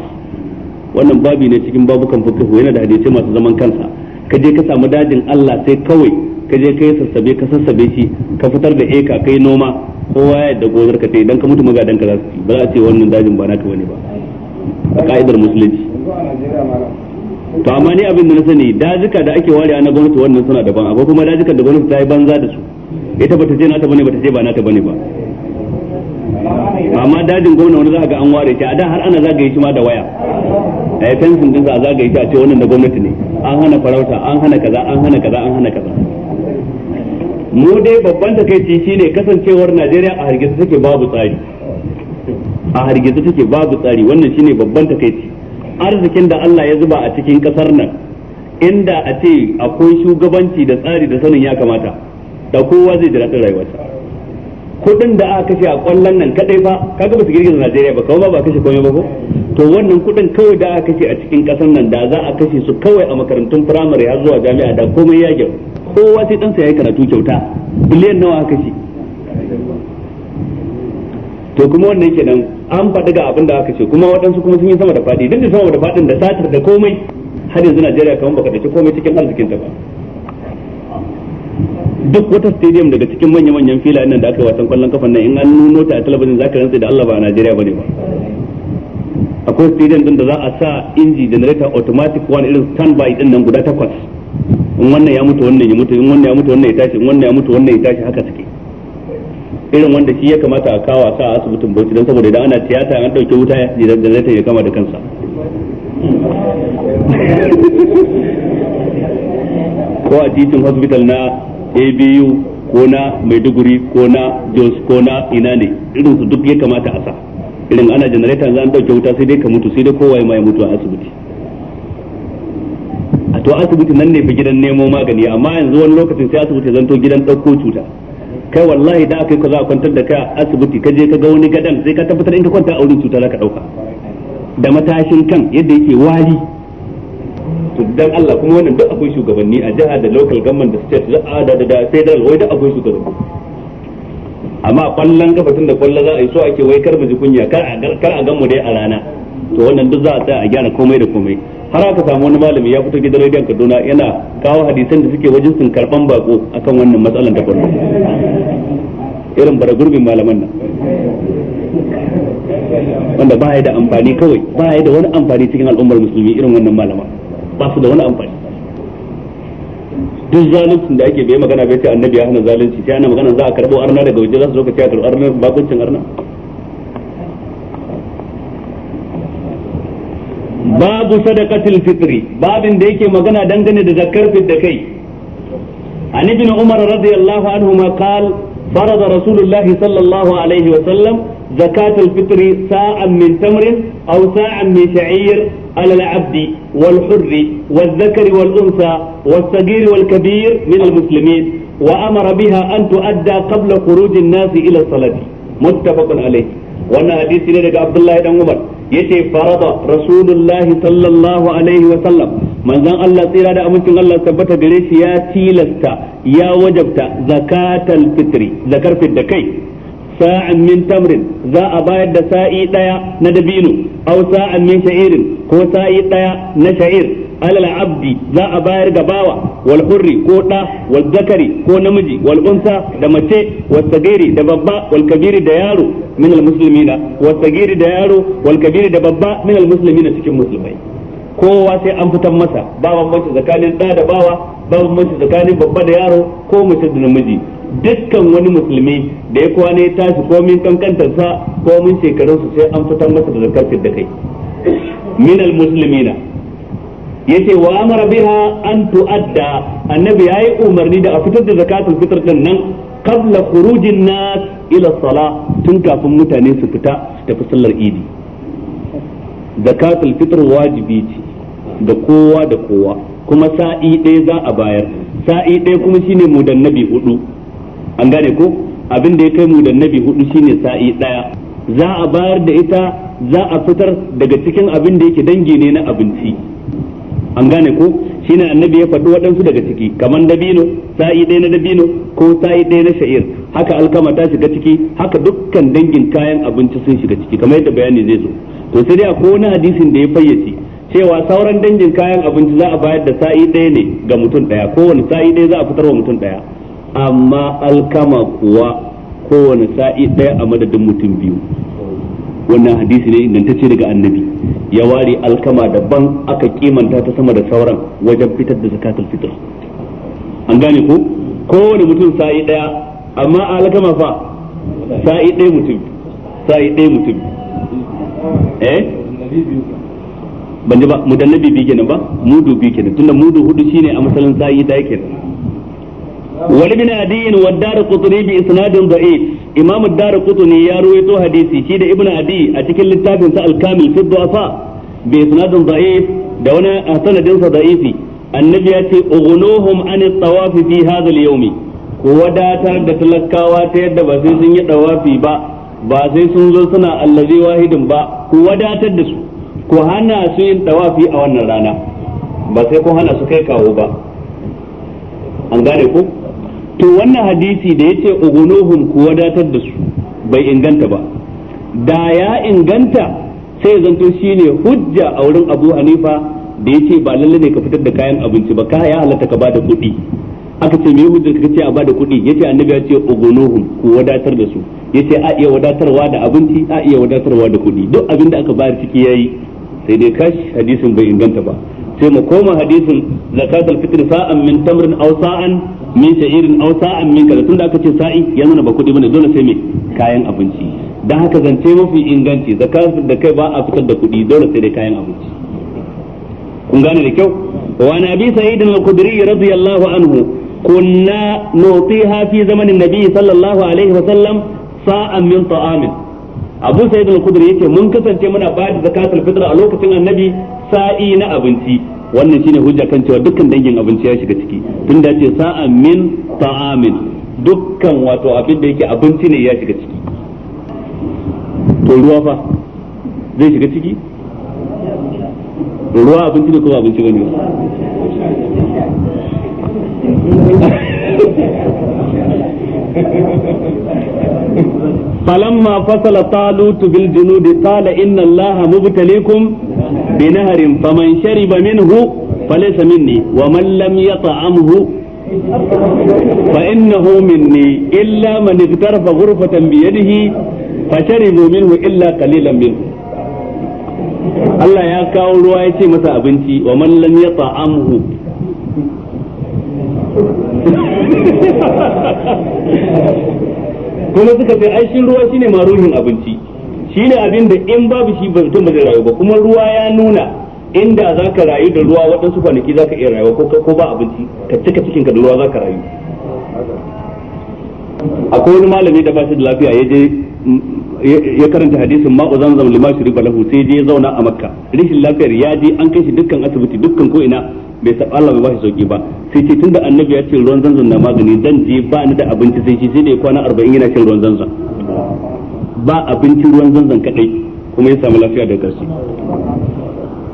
wannan babi ne cikin babukan fiqh yana da hadisi masu zaman kansa ka je ka samu dajin Allah sai kawai ka je ka yi sassabe ka sassabe shi ka fitar da eka yi noma kowa ya da gonar ka ta idan ka mutu magadan ka za su ci ba za a ce wannan dajin ba naka wani ba a ka'idar musulunci to amma ni abin da na sani dajika da ake warewa na gwamnati wannan suna daban akwai kuma dajikan da gwamnati ta yi banza da su ita bata ce nata bane bata ce ba nata bane ba amma dajin gwamna wani za a ga an ware shi a da har ana zagaye shi ma da waya a yi fensin dinsa a zagaye shi a ce wannan na gwamnati ne an hana farauta an hana kaza an hana kaza an hana kaza mu dai babban takaici shine kasancewar Najeriya a hargitsa take babu tsari a take babu tsari wannan shine babban takaici arzikin da Allah ya zuba a cikin kasar nan inda a ce akwai shugabanci da tsari da sanin ya kamata da kowa zai ji daɗin rayuwarsa kudin da aka kashe a kwallon nan kadai fa kaga ba su girgiza Najeriya ba kawai ba kashe komai ba ko to wannan kudin kawai da aka kashe a cikin ƙasar nan da za a kashe su kawai a makarantun firamare har zuwa jami'a da komai ya gyaru kowa sai ɗansa ya yi karatu kyauta biliyan nawa aka kashe to kuma wannan kenan an faɗi ga abin da aka ce kuma waɗansu kuma sun yi sama da faɗi duk da sama da faɗin da satar da komai har yanzu Najeriya kamar baka dace komai cikin ta ba duk wata stadium daga cikin manya-manyan filayen nan da aka yi wasan kwallon kafan nan in an nuno ta a talabijin za ka rantsa da Allah ba a Najeriya bane ba akwai stadium din da za a sa inji generator automatic one irin standby din nan guda takwas in wannan ya mutu wannan ya mutu in wannan ya mutu wannan ya tashi in wannan ya mutu wannan ya tashi haka suke irin wanda shi ya kamata a kawo sa a asibitin Bauchi don saboda idan ana tiyata an dauke wuta ya generator ya kama da kansa ko a titin hospital na abu ko na maiduguri ko na jos ko na ina ne irin su duk ya kamata a sa irin ana janareta za an dauke wuta sai dai ka mutu sai dai kowa ya mutu a asibiti a to asibiti nan ne fi gidan nemo magani amma yanzu wani lokacin sai asibiti zanto gidan dauko cuta kai wallahi da aka yi ka za a kwantar da kai a asibiti ka je ka ga wani gadan sai ka tabbatar in ka kwanta a wurin cuta za ka dauka da matashin kan yadda yake wari to dan Allah kuma wannan duk akwai shugabanni a jiha da local government da state da da da federal wai duk akwai shugabanni amma kwallon tun da kwallon za a yi so ake wai kar mu kunya kar a kar a gamu dai a rana to wannan duk za a tsaya a gyara komai da komai har aka samu wani malami ya fito gidan rediyon Kaduna yana kawo hadisan da suke wajen sun karban bako akan wannan matsalan da kwallon irin bara gurbin malaman nan wanda ba ya da amfani kawai ba ya da wani amfani cikin al'ummar musulmi irin wannan malama ba su da wani amfani duk zaluncin da ake bai magana bai ce annabi ya hana zalunci sai ana magana za a karbo arna daga waje za su zo ka ce a karbo arna bakuncin arna babu sadaqatul fitri babin da yake magana dangane da zakar fit da kai an ibn umar radiyallahu anhu ma qal farada rasulullah sallallahu alaihi wa sallam zakatul fitri sa'an min tamrin aw sa'an min sha'ir على العبد والحر والذكر والأنثى والصغير والكبير من المسلمين وأمر بها أن تؤدى قبل خروج الناس إلى الصلاة متفق عليه وأن حديث لدى عبد الله بن عمر yace farada rasulullahi sallallahu alaihi wa sallam manzon Allah tsira da amincin Allah tabbata gare shi ya tilasta ya wajabta zakatal fitri zakar da kai sa'an min tamrin za a bayar da sa'i ɗaya na dabino aw sa'an min sha'irin ko sa'i daya na sha'ir alal abdi za a bayar ga bawa wal hurri ko da wal zakari ko namiji wal unsa da mace wal sagiri da babba wal kabiri da yaro min al muslimina wal sagiri da yaro wal kabiri da babba min al muslimina cikin musulmai kowa sai an fitar masa ba mace tsakanin da da bawa ba mace tsakanin babba da yaro ko mace da namiji dukkan wani musulmi da ya kwana ya tashi komin kankantarsa komin shekarunsa sai an fitar masa da zakar da kai min almuslimina yace wa amara biha an tuadda annabi yayi umarni da a fitar da zakatul fitr din nan qabla khurujin nas ila salah tun kafin mutane su fita su tafi sallar idi zakatul fitr wajibi ce da kowa da kowa kuma sa'i ɗaya za a bayar sa'i ɗaya kuma shine mudannabi hudu an gane ko abin da ya kai mudannabi hudu shine sa'i ɗaya za a bayar da ita za a fitar daga cikin abin da yake dangi ne na abinci an gane ko shine annabi ya faɗi waɗansu daga ciki kamar dabino sa'i ɗaya na dabino ko sa'i ɗaya na sha'ir haka alkama ta shiga ciki haka dukkan dangin kayan abinci sun shiga ciki kamar yadda bayani zai zo to sai dai ko wani hadisin da ya fayyace cewa sauran dangin kayan abinci za a bayar da sa'i ɗaya ne ga mutum ɗaya kowane sa'i ɗaya za a fitar wa mutum ɗaya amma alkama kuwa kowane sa'i ɗaya a madadin mutum biyu wannan hadisi ne ingantacce daga annabi ya ware alkama daban aka kimanta ta sama da sauran wajen fitar da zakatul fitr an gane ko kowane mutum sa'i daya amma alkama fa sa'i daya mutum sa'i daya mutum eh ban ji ba nabi bi kenan ba mudu bi kenan tunda mudu hudu shine a masalan sa'i daya kenan wal bin adiyin wa dar qutri bi isnadin da'if imam ad ne ya ruwaito hadisi shi da ibnu adi a cikin littafin sa al-kamil Bai du'afa bi sanadin da wani sanadin sa da'ifi annabi ya ce ughnuhum an at-tawaf fi hadha al-yawm ko wadatar da talakawa ta yadda ba sai sun yi tawafi ba ba sai sun zo suna allazi wahidin ba ku wadatar da su ku hana su yin tawafi a wannan rana ba sai ku hana su kai kawo ba an gane ku to wannan hadisi da yace ugunuhum ku wadatar da su bai inganta ba da ya inganta sai zanto shine hujja a wurin Abu Hanifa da yace ba lalle ne ka fitar da kayan abinci ba ka ya halatta ka bada kuɗi aka ce me hujjar ka ce a bada kuɗi yace annabi ya ce ugunuhum ku wadatar da su yace a iya wadatarwa da abinci a iya wadatarwa da kuɗi duk abin da aka bayar ciki yayi sai dai kashi hadisin bai inganta ba sai mu koma hadisin zakatul fitr sa'an min tamrin aw sa'an min sha'irin aw sa'an min kaza tunda aka ce sa'i ya nuna ba kuɗi bane dole sai me kayan abinci dan haka zance mafi inganci zakar da kai ba a fitar da kuɗi dole sai dai kayan abinci kun gane da kyau wa nabi sa'id al-khudri radiyallahu anhu kunna nutiha fi zamanin nabi sallallahu alaihi wa sallam sa'an min ta'amin abu sa'id al-khudri yake mun kasance muna ba da zakatul fitr a lokacin annabi sa'i na abinci wannan shine hujja kan cewa dukkan dangin abinci ya shiga ciki tun da ce sa'a min ta'amin dukkan wato abin da yake abinci ne ya shiga ciki to ruwa fa zai shiga ciki ruwa abinci ne ko abinci bane فلما فصل طالوت بالجنود قال إن الله مبتليكم بنهر فمن شرب منه فليس مني ومن لم يطعمه فإنه مني إلا من اغترف غرفة بيده فشربوا منه إلا قليلا منه Allah ya kawo ruwa ya ce masa abinci wa mallan ya ta'amhu kuma suka ce ai shi ruwa shine maruhin abinci shi abin da in babu shi ba mutum rayu ba kuma ruwa ya nuna inda za ka rayu da ruwa waɗansu kwanaki za ka iya rayuwa ko ko ba abinci ka cika cikin ka da ruwa za ka rayu akwai wani malami da ba shi da lafiya ya je ya karanta hadisin ma'u zamzam lima shirifa lahu sai je ya zauna a makka rashin lafiyar ya je an kai shi dukkan asibiti dukkan ko ina bai sa Allah bai bashi sauki ba sai ce tunda annabi ya ce ruwan zanzan na magani dan je ba ni da abinci sai shi sai da ya kwana 40 yana shan ruwan zanzan ba abincin ruwan zanzan kadai kuma ya samu lafiya da karshe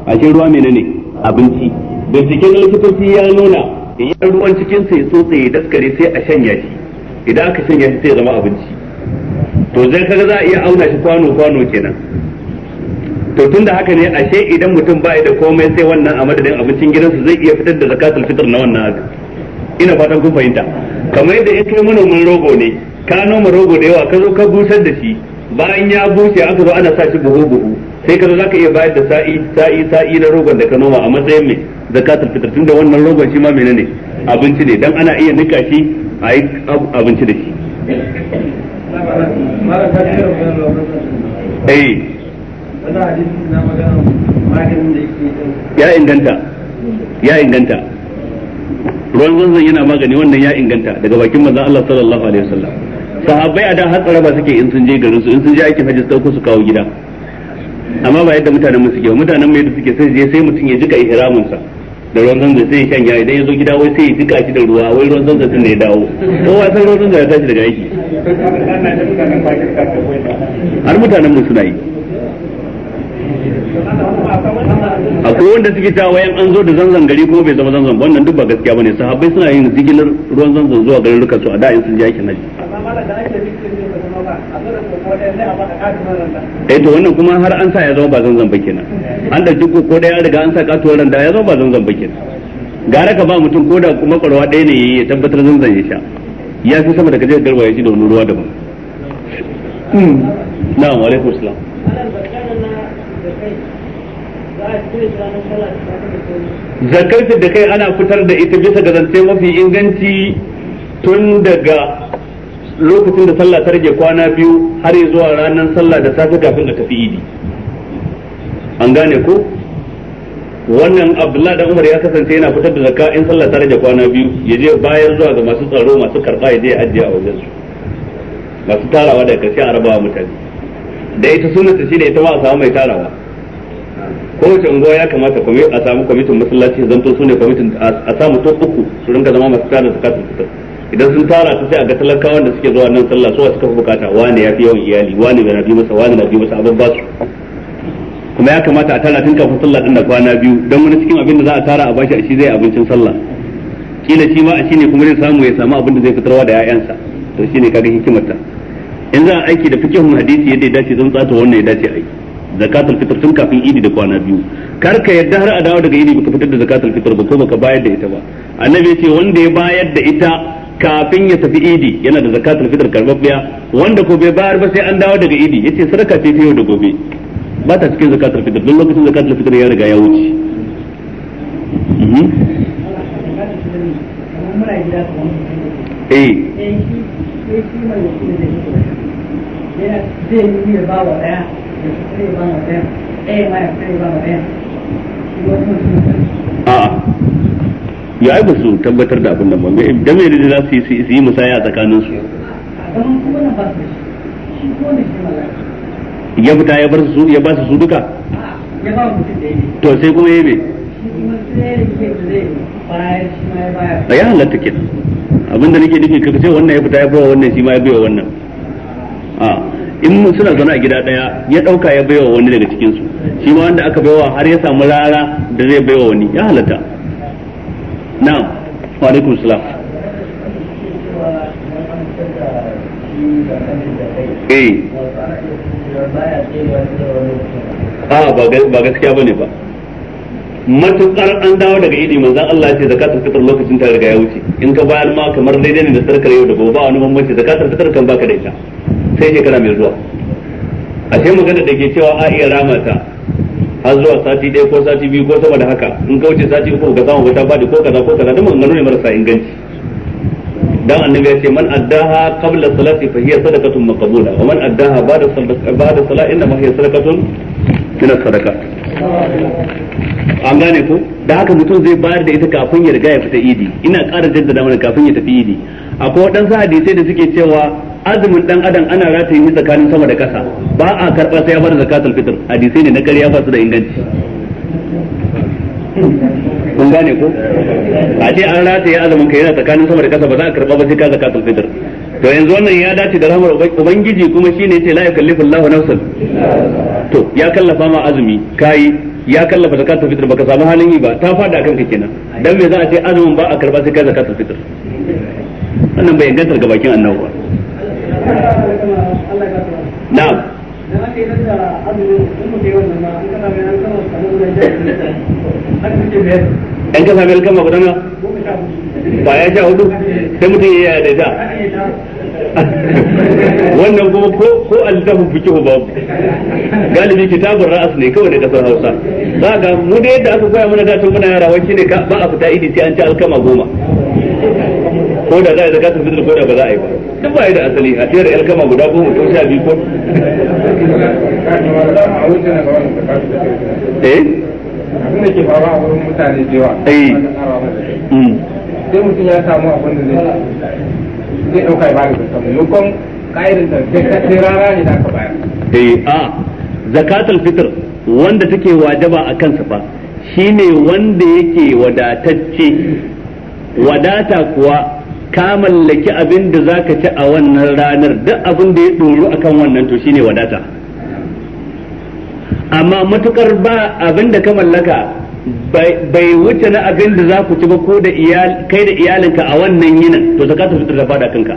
ashe ruwa ne. abinci binciken likitoci ya nuna idan ruwan cikin sai ya tsotse ya daskare sai a shanya shi idan aka shanya shi sai ya zama abinci to zai kaga za a iya auna shi kwano kwano kenan to tunda haka ne ashe idan mutum ba da komai sai wannan a madadin abincin gidansa zai iya fitar da zakatul fitr na wannan haka ina fatan kun fahimta kamar yadda in kai manomin rogo ne ka noma rogo da yawa ka zo ka busar da shi bayan ya bushe aka zo ana sa shi buhu buhu sai ka zo zaka iya bayar da sa'i sa'i sa'i na rogon da ka noma a matsayin mai zakatul fitr da wannan rogon shi ma menene abinci ne dan ana iya nika shi a yi abinci da shi eh ya inganta ya inganta ruwan zanzan yana magani wannan ya inganta daga bakin manzon Allah sallallahu alaihi wasallam sahabbai a da har tsaraba suke in sun je garin su in sun je aikin hajji su dauko su kawo gida amma ba yadda mutanen mu suke mutanen mu yadda suke sai je sai mutun ya jika ihramin sa da ruwan zanzu sai ya shanya idan ya zo gida wai sai ya jika shi da ruwa wai ruwan zanzan din ne ya dawo kowa san ruwan zanzan ya tashi daga aiki har mutanen mu suna yi akwai wanda suke ta wayan an zo da zanzan gari kuma bai zama zanzan wannan duk ba gaskiya bane sahabbai suna yin zigilar ruwan zanzan zuwa garin rukansu a da in sun je aikin hajji eh to wannan kuma har an sa ya zama ba zanzan ba kenan an da duk ko ɗaya an riga an sa katuwar randa ya zama ba zanzan ba kenan gara ka ba mutum ko da kuma kwarwa ɗaya ne ya tabbatar zanzan ya sha ya fi sama da kaje garwa ya ji da wani ruwa daban hmm. na wa alaikum salam zakar da kai ana fitar da ita bisa ga zance mafi inganci tun daga lokacin da sallah ta rage kwana biyu har zuwa ranar sallah da safe kafin a tafi idi an gane ko wannan abdullahi dan umar ya kasance yana fitar da zakka in sallah ta rage kwana biyu ya je bayar zuwa ga masu tsaro masu karba ya je ya ajiye a wajen su masu tarawa da karshe a rabawa mutane da ita sunanta shine ita ma a samu mai tarawa kowace unguwa ya kamata a samu kwamitin masallaci zanto su ne kwamitin a samu to uku su rinka zama masu tara su fitar idan sun tara su sai a ga talakawan da suke zuwa nan sallah su suka fi bukata wani ya fi yawan iyali wani na bi masa wani na bi masa abin ba su kuma ya kamata a tara tun kafin sallah din da kwana biyu don wani cikin abin da za a tara a bashi a shi zai abincin sallah kila shi ma a shi ne kuma zai samu ya samu abin da zai fitarwa da 'ya'yansa to shi ne kaga hikimarta in za a aiki da fikihun hadisi yadda ya dace zan tsata wannan ya dace aiki zakatul fitr tun kafin idi da kwana biyu kar ka yadda har a dawo daga idi baka fitar da zakatul fitr ba ko baka bayar da ita ba annabi ya ce wanda ya bayar da ita kafin ya tafi idi yana da zakatul fitr karbabbiya wanda ko bai bayar ba sai an dawo daga idi yace sadaka ce ta yau da gobe ba ta cikin zakatul fitr don lokacin zakatul fitr ya riga ya wuce mhm. eh a'a ya ai su tabbatar da abin nan ba da me ne za su yi su yi musaya tsakanin su ya fita ya bar su ya ba su duka to sai kuma ya me a ya halatta ke abin da nake nufi kaka sai wannan ya fita ya bawa wannan shi ma ya bawa wannan a in suna zaune a gida daya ya dauka ya baiwa wani daga cikin su shi ma wanda aka baiwa har ya samu rara da zai baiwa wani ya halatta na'am wa alaikum salam eh ah, a ba gaskiya bane ba matukar an dawo daga idi manzon Allah ya ce zakatul fitr lokacin ta riga ya wuce in ka bayar ma kamar daidai ne da sarkar yau da gobe ba wani bambanci zakatul fitr kan baka da ita sai shekara mai zuwa a sai magana da ke cewa a iya rama ta har zuwa sati ɗaya ko sati biyu ko sama da haka in ka wuce sati uku ka samu ta bada ko kaza ko kaza duk ganu ne marasa inganci dan annabi ya ce man addaha qabla salati fa hiya sadaqatun maqbula wa man addaha ba'da salati ba'da salati inna ma hiya sadaqatun min sadaqa an gane ko da haka mutum zai bayar da ita kafin ya riga ya fita idi ina ƙara jaddada mana kafin ya tafi idi akwai waɗansu hadisai da suke cewa azumin dan adam ana rataye ni tsakanin sama da ƙasa ba a karba sai ya fara zakatul fitr hadisi ne na ƙarya ba su da inganci kun gane ko a ce an ya azumin ka yana tsakanin sama da kasa ba za a karba ba sai ka zakatul fitr to yanzu wannan ya dace da rahmar ubangiji kuma shine yace la yukallifu Allahu nafsan to ya kallafa ma azumi kai ya kallafa zakatul fitr baka samu halin yi ba ta fada akan ka kenan dan me za a ce azumin ba a karba sai ka zakatul fitr wannan bai gantar ga bakin annabawa na'am yan kasa mai alkama guda na kwaya sha hudu sai mutum ya yaya da wannan kuma ko ko alzahu fikihu babu galibi kitabun ra'as ne kawai da kasar Hausa za ga mu da yadda aka koya mana da tun muna yara wani shine ba a fita idi sai an ci alkama goma ko da za a yi zakatun fitr ko da ba za a yi ba duk ba yi da asali a ciyar alkama guda goma ko sha biyu ko eh abin da ke faruwa a wurin mutane da yawa eh mm. sai mutum ya samu abin da zai zai dauka ba da samu lokon ka'idar da sai rara ne da ka bayar eh a zakatul fitr wanda take wajaba a kansa fa shine wanda yake wadatacce wadata kuwa ka mallaki abin da za ka ci a wannan ranar duk abin da ya ɗoru a kan wannan to shine wadata amma matukar ba abin da ka mallaka bai wuce na abin da za ku ci ba ko da kai da iyalinka a wannan yinin to zakatul fitar da fada kanka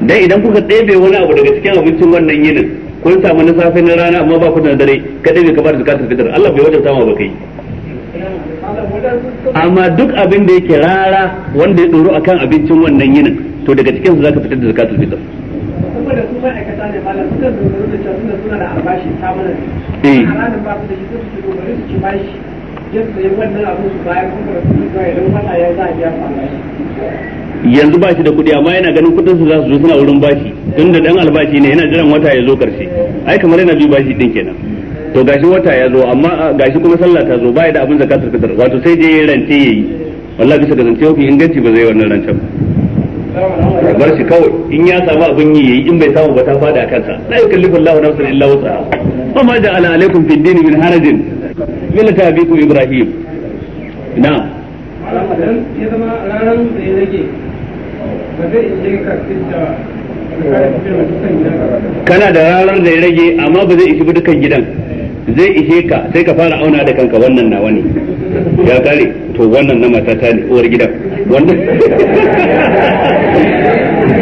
dan idan kuka ɗebe wani abu daga cikin abincin wannan yinin kun samu na safe na rana amma ba ku da dare ka ɗebe ka ba da zakatul fitar. Allah bai wajen ma ba kai amma duk abin da yake rara wanda ya doro akan abincin wannan yinin to daga cikin su zaka fitar da zakatul fitr yanzu ba shi da kudi amma yana ganin kudin su za su zo suna wurin bashi tun da dan albashi ne yana jiran wata ya zo karshe ai kamar yana bi bashi din kenan to gashi wata ya zo amma ah, gashi kuma sallah ta zo ba da abin zakatar fitr wato sai je rance yayi wallahi bisa ga zance mafi inganci ba zai wannan rancen ba. bar shi kawai in ya samu abin yi yayi in bai samu ba ta fada kansa la yukallifu Allahu nafsan illa wus'aha wa ma ja'ala alaykum fid din min harajin millata abikum ibrahim na'am ya zama ranar da ya rage ba zai iya kana da ranar da ya rage amma ba zai ishi ba dukkan gidan zai ishe ka sai ka fara auna da kanka wannan nawa ne ya kare to wannan na mata ta ne uwar gidan wannan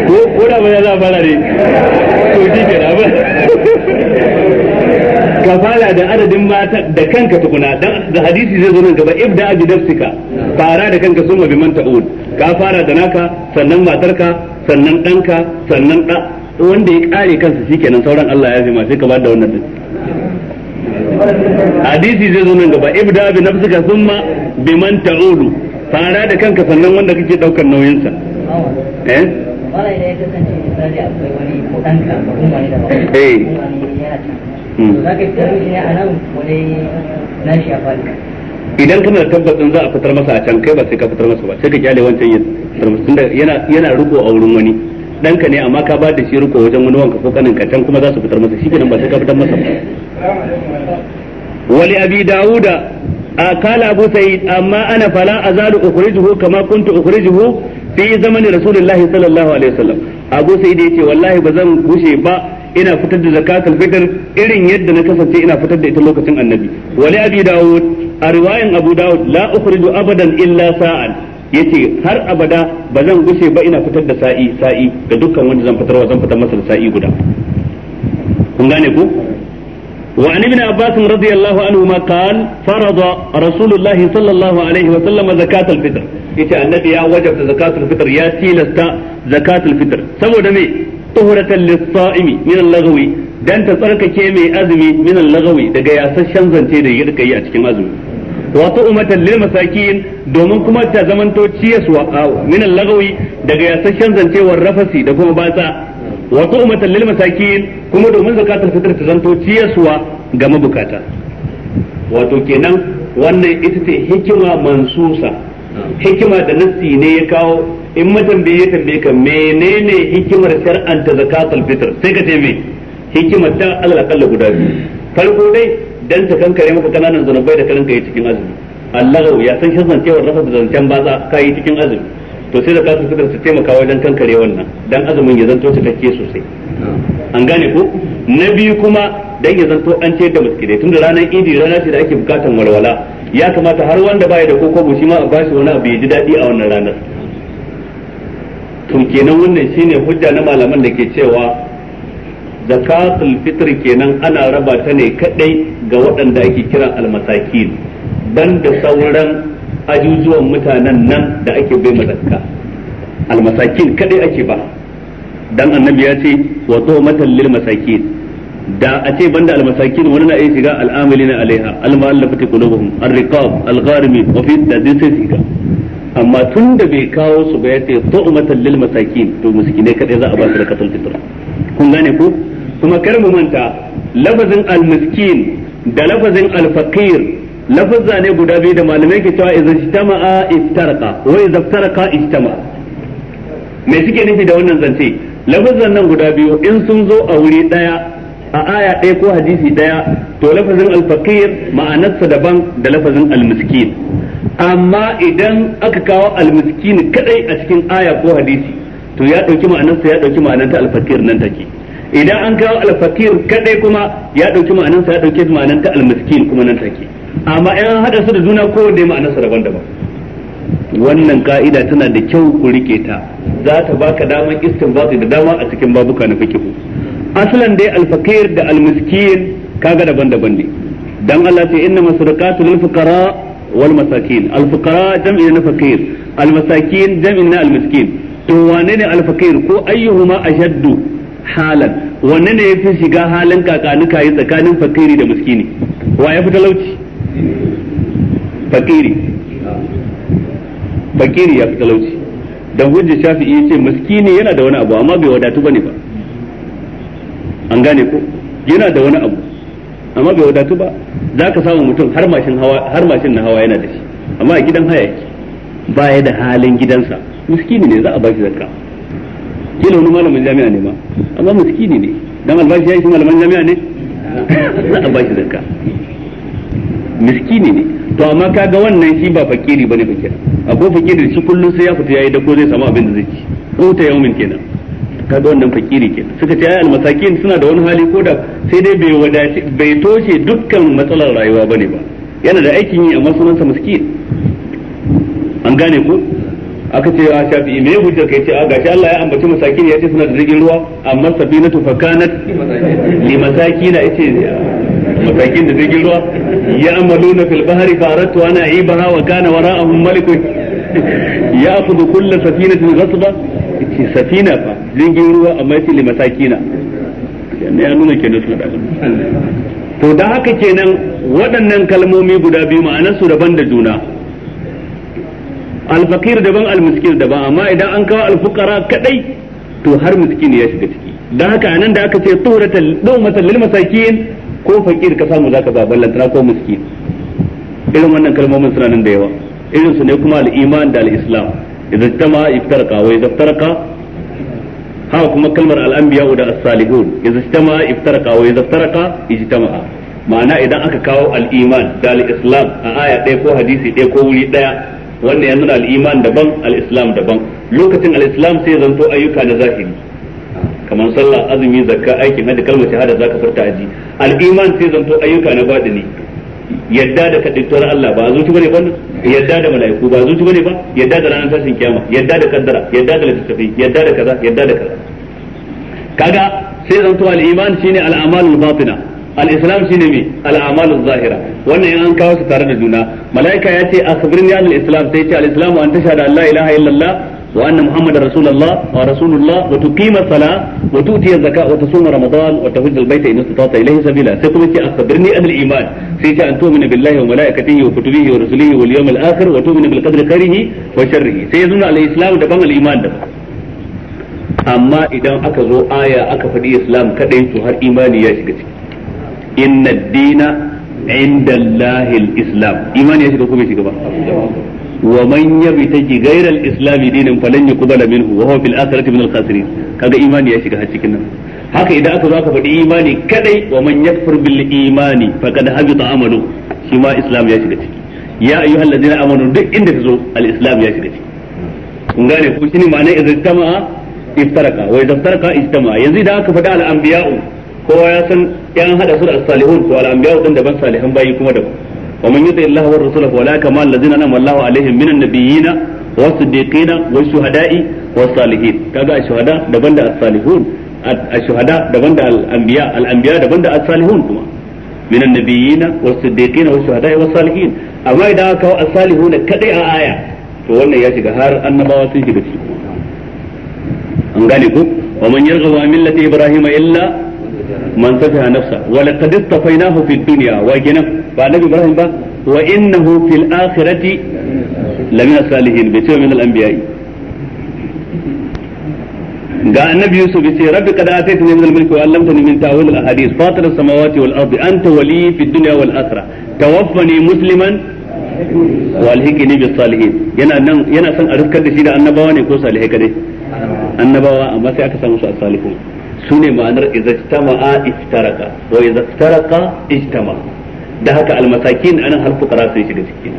ko ko da ba za a fara ne to shi ke da ka fara da adadin mata da kanka tukuna dan da hadisi zai zo nan gaba ibda bi nafsika fara da kanka suma bi man ta'ud ka fara da naka sannan matarka sannan danka sannan da wanda ya kare kansa shikenan sauran Allah ya zima sai ka ba da wannan hadisi zai zo nan gaba ibda bi nafsika thumma man ta'ulu fara da kanka sannan wanda kake daukar nauyin sa eh wala idan eh. hmm. ya wani ko ko a idan kana da tabbacin za a fitar masa a can kai ba sai ka fitar masa ba sai ka kyale wancan yin tunda yana yana riko a wurin wani danka ne amma ka ba da shi riko wajen wani wanka ko kanin ka can kuma za su fitar masa shi kenan ba sai ka fitar masa ba wali abi dauda قال أبو سعيد أما أنا فلا أزال أخرجه كما كنت أخرجه في زمن رسول sallallahu alaihi الله عليه abu أبو سعيد يتي والله بزن ina fitar da zakatul fitr irin yadda na kasance ina fitar da ita lokacin annabi wali abi dawud a riwayan abu dawud la ukhriju abadan illa sa'an yace har abada bazan gushe ba ina fitar da sa'i sa'i ga dukkan wanda zan fitarwa zan fitar masa da sa'i guda kun gane ku. وعن ابن عباس رضي الله عنهما قال فرض رسول الله صلى الله عليه وسلم زكاة الفطر annabi ya wajabta zakatul fitr ya tilasta zakatul fitr saboda me tuhuratan lis-sa'imi min al-lagwi dan ta tsarkake mai azumi min al-lagwi daga yasasshen zance da ya rika yi a cikin azumi wa tu'matan lil masakin domin kuma ta zamanto ciyaswa daga yasasshen zance rafasi da kuma batsa wa tu'matan lil masakin kuma domin zakatul fitar ta zanto ciyasuwa ga mabukata wato kenan wannan ita ce hikima mansusa hikima da nassi ne ya kawo in matambaye ya tambaye ka menene hikimar shar'anta zakatul fitr sai ka ce me hikimar ta Allah kalla guda biyu farko dai dan ta kankare maka kananan zanubai da karanka yi cikin azumi Allah ya san shirin cewar rafa da zancen baza ka yi cikin azumi to sai zakatul su su taimaka wajen kankare wannan dan azumin ya zanto take sosai an gane ku na biyu kuma dan ya zanto an ce da miskinai tun da ranar idi rana ce da ake bukatan walwala ya kamata har wanda baya da kokobo shi ma a bashi wani abu ya ji daɗi a wannan ranar tun kenan wannan shine hujja na malaman da ke cewa zakatul fitr kenan ana raba ta ne kadai ga waɗanda ake kiran almasakin banda sauran ajujuwan mutanen nan da ake bai mazakka almasakin kadai ake ba dan annabi ya ce wa tuhmatan lil masakin da a ce banda almasakin wani na iya shiga al'amilina alaiha almu'allafati qulubuhum ar-riqab algarmi gharimi wa fi sai shiga amma tun da bai kawo su ba ya ce tuhmatan lil masakin to miskinai kadai za a ba su da katul fitr kun gane ko kuma kar mu manta lafazin almiskin da lafazin alfakir. lafazza ne guda biyu da malamai ke cewa idan ijtama'a iftarqa wa idan iftarqa ijtama me suke nufi da wannan zance lafazzan nan guda biyu in sun zo a wuri daya a aya daya ko hadisi ɗaya to lafazin alfaqir ma'anarsa daban da lafazin almiskin amma idan aka kawo almiskin kadai a cikin aya ko hadisi to ya ɗauki ma'anarsa ya ɗauki ma'anar ta alfaqir nan take idan an kawo alfaqir kadai kuma ya ɗauki ma'anarsa ya ɗauki ma'anar ta almiskin kuma nan take amma in haɗa su da juna ko da ma'anar su daban-daban wannan ka'ida tana da kyau ku rike ta za ta baka daman istinbati da dama a cikin babuka na ku asalan dai al-faqir da al kaga daban-daban ne dan Allah ce inna masadaqatu lil fuqara wal masakin al jam'i na fakir almasakin jam'i na almiskin to wane ne ko faqir ko ayyuhuma ashaddu halan wanne ne yafi shiga halin kakanuka yi tsakanin fakiri da miskini wa ya fi talauci fakiri fakiri ya fi talauci dan shafi shafi'i ce maskini yana da wani abu amma bai wadatu ba ne ba an gane ko yana da wani abu amma bai wadatu ba za ka samu mutum har mashin na hawa yana da shi amma a gidan haya ba ya da halin gidansa miskini ne za a ba shi zakka kila wani malamin jami'a ne ma amma miskini ne dan albashi ya shi malaman jami'a ne (laughs) za a ba shi zakka miskini ne to amma kaga wannan shi ba fakiri bane ba kenan akwai fakiri shi kullun sai ya fita yayi da ko zai samu abin da zai ci kuta yaumin kenan kaga wannan fakiri kenan suka ce ai almasakin suna da wani hali ko da sai dai bai wadace bai toshe dukkan matsalar rayuwa bane ba yana da aikin yi amma sunansa miskin an gane ko aka ce a shafi me hujjar kai ce a gashi Allah ya ambaci masakin ya ce suna da jirgin ruwa amma safinatu fakanat li ya ce masakin da jirgin ruwa ya amaluna fil bahari faratu ana ibaha wa kana wara'ahum malikun ya safina kull zasu ba ce safina fa jirgin ruwa amma yace li masakina ne ya nuna kenan su da to da haka kenan waɗannan kalmomi guda biyu ma'anar su daban da juna alfakir daban almuskir daban amma idan an kawo alfukara kadai to har miskin ya shiga ciki don haka anan da aka ce tsoratan lil masakin ko fakir ka samu zaka ba ballantana ko miskin irin wannan kalmomin suna nan da yawa irin su ne kuma al-iman da al-islam idan tama iftarqa wa idan iftarqa ha kuma kalmar al-anbiya da as-salihun idan tama iftarqa wa idan iftarqa ijtama'a ma'ana idan aka kawo al-iman da al-islam a aya ɗaya ko hadisi ɗaya ko wuri ɗaya Wannan ya nuna al-iman daban al-islam daban lokacin al-islam sai zanto ayyuka na zahiri kamar sallah azumi zakka aikin hada kalmar shahada zaka furta aji al-iman sai zanto ayyuka na badini yadda da kaddaituwar Allah ba zuci bane ba yadda da malaiku ba zuci bane ba yadda da ranar tashin kiyama yadda da kaddara yadda da littafi yadda da kaza yadda da kaza kaga sai zanto al-iman shine al-amalul batina al-islam shine me al-amalul zahira wannan in an kawo su tare da juna malaika ya ce akhbirni anil islam sai ce al-islamu an tashhadu an la ilaha illallah وأن محمد رسول الله ورسول الله وتقيم الصلاة وتؤتي الزكاة وتصوم رمضان وتحج البيت إن استطعت إليه سبيلا سيقول أخبرني عن الإيمان سيك أن تؤمن بالله وملائكته وكتبه ورسله واليوم الآخر وتؤمن بالقدر خيره وشره سيزن على الإسلام دبان الإيمان دبان amma idan aka zo aya aka faɗi islam kaɗai to har imani ya shiga ciki inna dina inda islam imani ya shiga ko bai shiga ba wa man yabtaji ghayra al-islam dinan falan yuqbala minhu wa huwa fil akhirati min al-khasirin kaga imani ya shiga har cikin nan haka idan aka zo aka faɗi imani kadai wa man yakfur bil imani faqad habita amalu shi ma islam ya shiga ciki ka zo al-islam ya shiga ciki kun gane ko shine ma'anar idan tama'a iftaraka wa idan taraka istama yanzu da aka faɗa al-anbiya'u kowa ya san yan hada su da as-salihun to al-anbiya'u din daban salihan bayi kuma ومن يطع الله ورسوله فاولئك مع الذين انعم الله عليهم من النبيين والصديقين والشهداء والصالحين كذا الشهداء دبن الصالحون الشهداء دبن الانبياء الانبياء دبن الصالحون كما من النبيين والصديقين والشهداء والصالحين اما اذا كانوا الصالحون كدي ايه to wannan ya shiga har annabawa sun shiga ciki an gane ko wa man yarghabu an millati ibrahima illa man safiha nafsa wa laqad istafainahu fid dunya wa kenan ba annabi ibrahim ba wa innahu fil akhirati lamina salihin bi min al anbiya ga annabi yusuf yace rabbi qad ataytani min al mulki wa 'allamtani min ta'wil al ahadith fatir as samawati wal ardi anta wali fi dunya wal akhirah tawaffani musliman wa alhiqni bis salihin yana nan yana son a riskar da shi da annabawa ne ko salihai kadai annabawa amma sai aka samu su as salihun sune ma'anar izajtama'a iftaraka wa izaftaraka ijtama da haka almasakin anan har fuqara sun shiga ciki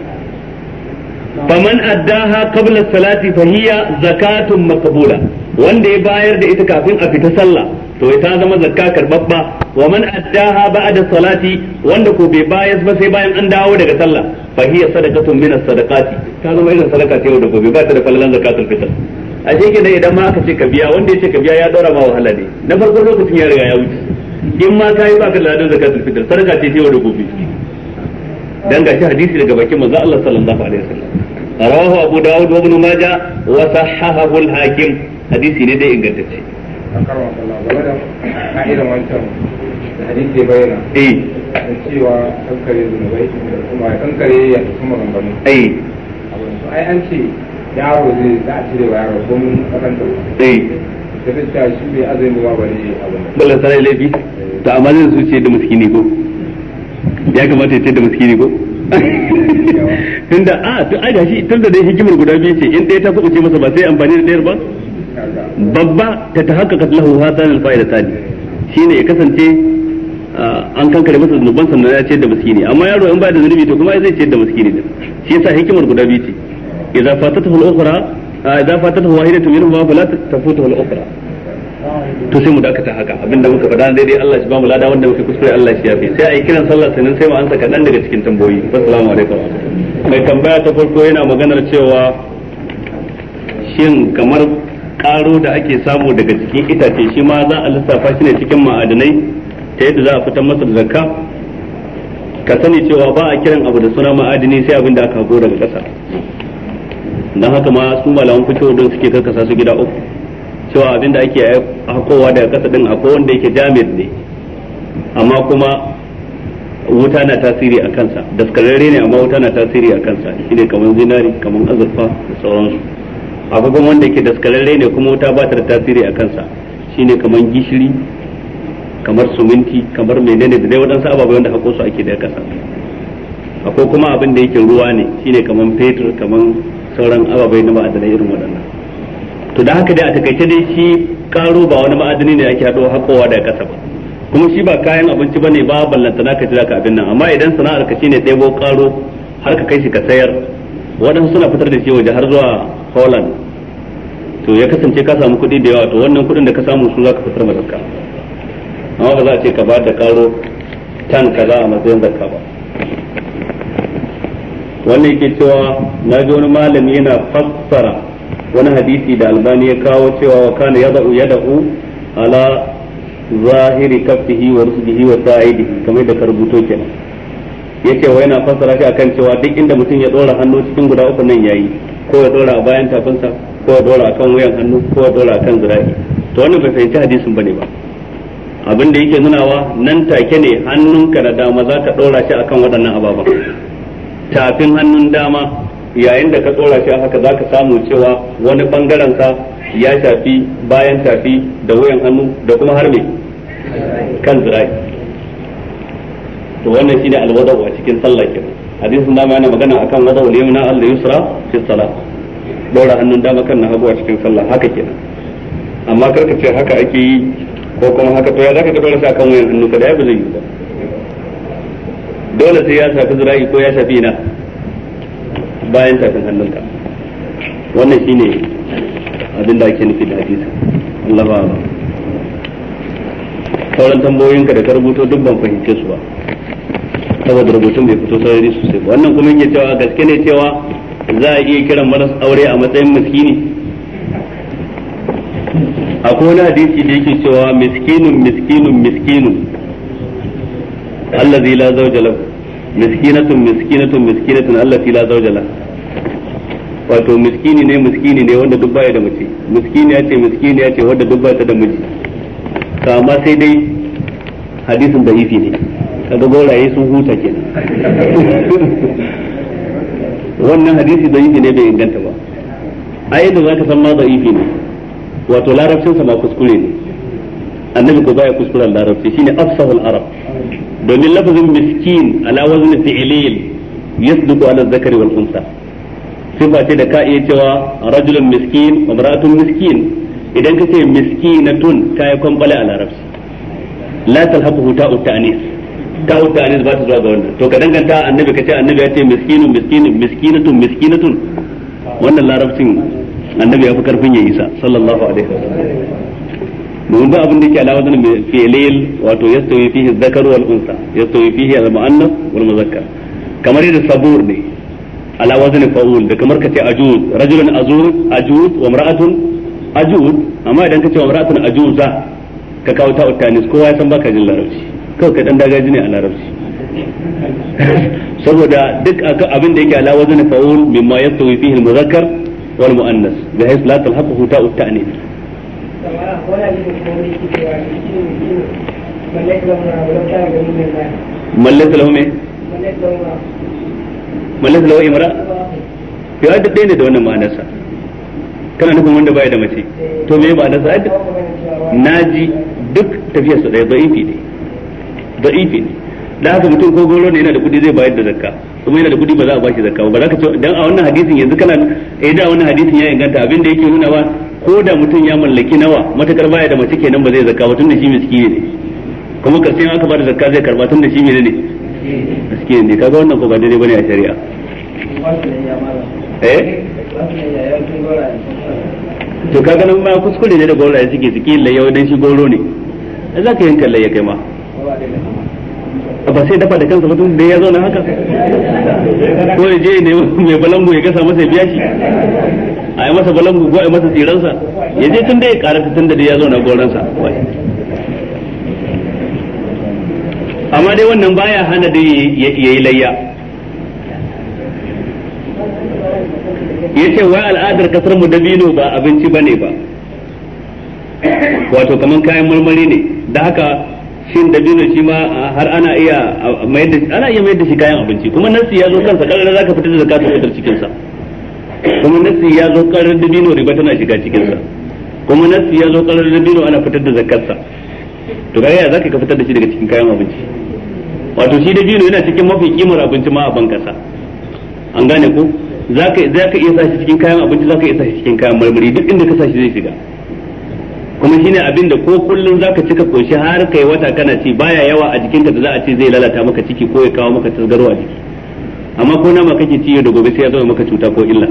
faman addaha qabla salati fa hiya zakatun maqbula wanda ya bayar da ita kafin a fita sallah to ya ta zama zakka karbabba wa man addaha ba'da salati wanda ko bai bayar ba sai bayan an dawo daga sallah fa hiya sadaqatun min as-sadaqati ta zama irin sadaka ce da gobe ba ta da falalan zakatul fitr a shi ne idan ma aka ce ka biya wanda ya ce ka biya ya daura ma wahala ne na farko lokacin ya riga ya wuce in ma ka yi ba ka ladan zakatul fitr sarka ce ce yau da gobe dan gashi hadisi daga bakin manzo Allah sallallahu alaihi wasallam rawahu abu daud wa ibn majah wa sahahahu al-hakim hadisi ne dai ingantacce eh. hadisi bayyana eh cewa kankare zunubai kuma kankare ya kuma gangano eh ai an ce yaro zai za a cire wa yaro ko mun kasanta eh da ta cewa shi bai azumi ba bane abin balla sarai laifi eh. to amma zai su ce da miskini ko ya kamata ya ce da miskini ko (laughs) tunda a to ai da shi tunda dai hikimar guda biyu ce in ɗaya ta ce masa ba sai amfani da ɗayar ba babba ta ta haƙaƙa lahu hatan alfa'ida shi ne ya kasance an kankare masa zunuban sannan ya ce da miskini amma yaro in ba da zunubi to kuma zai ce da miskini din shi yasa hikimar guda biyu ce idza fatatahu al-ukhra idza fatatahu wahidatun minhuma fala tafutahu al-ukhra to sai mu dakata haka abinda muka faɗa daidai Allah shi ba mu lada wanda muka kuskure Allah shi fi sai a yi kiran sallah sannan sai mu saka kaɗan daga cikin tambayoyi assalamu alaikum mai tambaya ta farko yana maganar cewa shin kamar karo da ake samu daga cikin itace shi ma za a lissafa shi ne cikin ma'adinai ta yadda za a fitar masa da zakka ka sani cewa ba a kiran abu da suna ma'adini sai abin da aka hago daga ƙasa dan haka ma su malaman fito din suke karkasa su gida uku cewa abin da ake hakowa daga kasa din akwai wanda yake jami'ar ne amma kuma wuta na tasiri a kansa daskararre ne amma wuta na tasiri a kansa shi ne kamar zinari kamar azurfa da sauransu akwai kuma wanda yake daskararre ne kuma wuta ba ta da tasiri a kansa shi ne kamar gishiri kamar suminti kamar menene da dai waɗansu ababai wanda hako su ake da kasa akwai kuma abin da yake ruwa ne shine kamar fetur kamar sauran ababai na ma'adanai irin waɗannan to da haka dai a takaice dai shi karo ba wani ma'adani ne ake haɗo haƙowa daga ƙasa ba kuma shi ba kayan abinci bane ba ballantana ka jira ka abin nan amma idan sana'ar ka shine ɗebo karo har ka kai shi ka sayar waɗansu suna fitar da shi waje har zuwa Holland to ya kasance ka samu kuɗi da yawa to wannan kuɗin da ka samu su za ka fitar ma zakka amma ba za a ce ka ba da karo tan kaza a matsayin zakka ba wannan yake cewa na ji wani malami yana fassara wani hadisi da albani ya kawo cewa wa kana yada'u yada'u ala zahiri kafihi wa rusdihi wa sa'idi kamar da karbuto kenan yake wa yana fassara shi akan cewa duk inda mutum ya dora hannu cikin guda uku nan yayi ko ya dora a bayan tafinsa ko ya dora akan wuyan hannu ko ya dora akan zira'i to wannan bai fahimci hadisin bane ba abin da yake nunawa nan take ne hannunka da dama za ka dora shi akan waɗannan ababen tafin hannun dama yayin da ka tsora shi haka za ka samu cewa wani bangaren ka ya tafi bayan tafi da wuyan hannu da kuma har mai kan zirai to wannan shine alwadau a cikin sallah ke hadisin dama yana magana akan wadau ne na Allah yusra fi salat dora hannun dama kan na hagu a cikin sallah haka kenan amma karka ce haka ake yi ko kuma haka to ya zaka ka dora shi akan wuyan hannu ka da ya ba zai yi ba dole sai ya shafi zira'i ko ya shafi na bayan tafin hannunka wannan shine abin da ake nufi da hadisi Allah ba ba sauran tambayoyinka da ka rubuto duk ban fahimce su ba saboda rubutun bai fito sarari sosai ba wannan kuma yake cewa gaske ne cewa za a iya kiran maras aure a matsayin miskini akwai wani hadisi da yake cewa miskinun miskinun miskinun allazi la zawja lahu miskinatun miskinatun miskinatun allati la zawja lahu wato miskini ne miskini ne wanda duk baya da mace miskini ya ce miskini ya ce wanda duk baya ta da mace to amma sai dai hadisin da ifi ne kaga goraye sun huta kenan wannan hadisi da ifi ne bai inganta ba ai da zaka san ma da ifi ne wato larabcin sa ma kuskure ne annabi ko baya kuskuren larabci shine afsahul arab domin lafazin miskin ala wazni fi'lil yasduqu ala zakari wal unsa sifa ce da ka iya cewa rajulun miskin wa mar'atun miskin idan ka ce miskinatun ka yi kwambale a larabci la talhaquhu ta'u ta'nis ta'u ta'nis ba ta zuwa ga wannan to ka danganta annabi ka ce annabi ya ce miskinun miskinun miskinatun miskinatun wannan larabcin annabi ya fi karfin ya isa sallallahu alaihi wasallam domin ba abin da yake alawa zan fi'lil wato yastawi fihi zakar wal unsa yastawi fihi al muannas wal muzakkar kamar yadda sabur ne ala wazni fa'ul da kamar kace ajuz rajulun azur ajuz wa mar'atun ajuz amma idan kace wa mar'atun ajuza ka kawo ta utanis kowa ya san baka jin larabci kawai ka dan dagaji ne a larabci saboda duk abin da yake ala wazni fa'ul mimma yastawi fihi al muzakkar wal muannas bihayth la talhaquhu ta ta'nis mallaka lahu me mallaka lahu imra ya da ɗaya ne da wannan ma'anarsa kana nufin wanda baya da mace to me ma'anarsa adda naji duk tafiyarsa ɗaya da'ifi ne da'ifi ne da haka mutum ko goro ne yana da kuɗi zai bayar da zakka kuma yana da kuɗi ba za a bashi zakka ba za ka ce dan a wannan hadisin yanzu kana eh da wannan hadisin ya inganta abin da yake nuna ba ko da mutum ya mallaki nawa matakar baya da mace kenan ba zai zakka ba tunda shi miskini ne kuma karshen aka da zakka zai karba tunda shi ne miskini ne kaga wannan ko ba daidai bane a shari'a eh to kaga nan ma kuskure ne da gauraye suke suke layyau dan shi goro ne za zaka yanka layya kai ma ba sai dafa da kansa mutum da ya zo na haka ko ya je ne mai balangu ya gasa masa ya biya shi a yi masa balangu ko a yi masa tsiransa ya je tun da ya karanta tun da ya zauna goransa amma dai wannan baya hana da ya yi layya ya ce wai al'adar kasar mu dabino ba abinci ba ne ba wato kamar kayan marmari ne da haka shin dabino shi ma har ana iya mayar da shi kayan abinci kuma nan ya zo kansa za ka fitar da zakatun fitar cikinsa. kuma nasi ya zo karar dino riba tana shiga cikin sa kuma nasi ya zo karar dino ana fitar da zakar sa to ga za zaka ka fitar da shi daga cikin kayan abinci wato shi da dino yana cikin mafi kimar abinci ma a bankasa an gane ko zaka zaka iya sa shi cikin kayan abinci zaka iya sa shi cikin kayan marmari duk inda ka sa shi zai shiga kuma shine abin da ko kullun zaka cika koshi har kai wata kana ci baya yawa a jikinka da za a ce zai lalata maka ciki ko ya kawo maka tasgaro a jiki amma ko nama kake ci yau da gobe sai ya zama maka cuta ko illa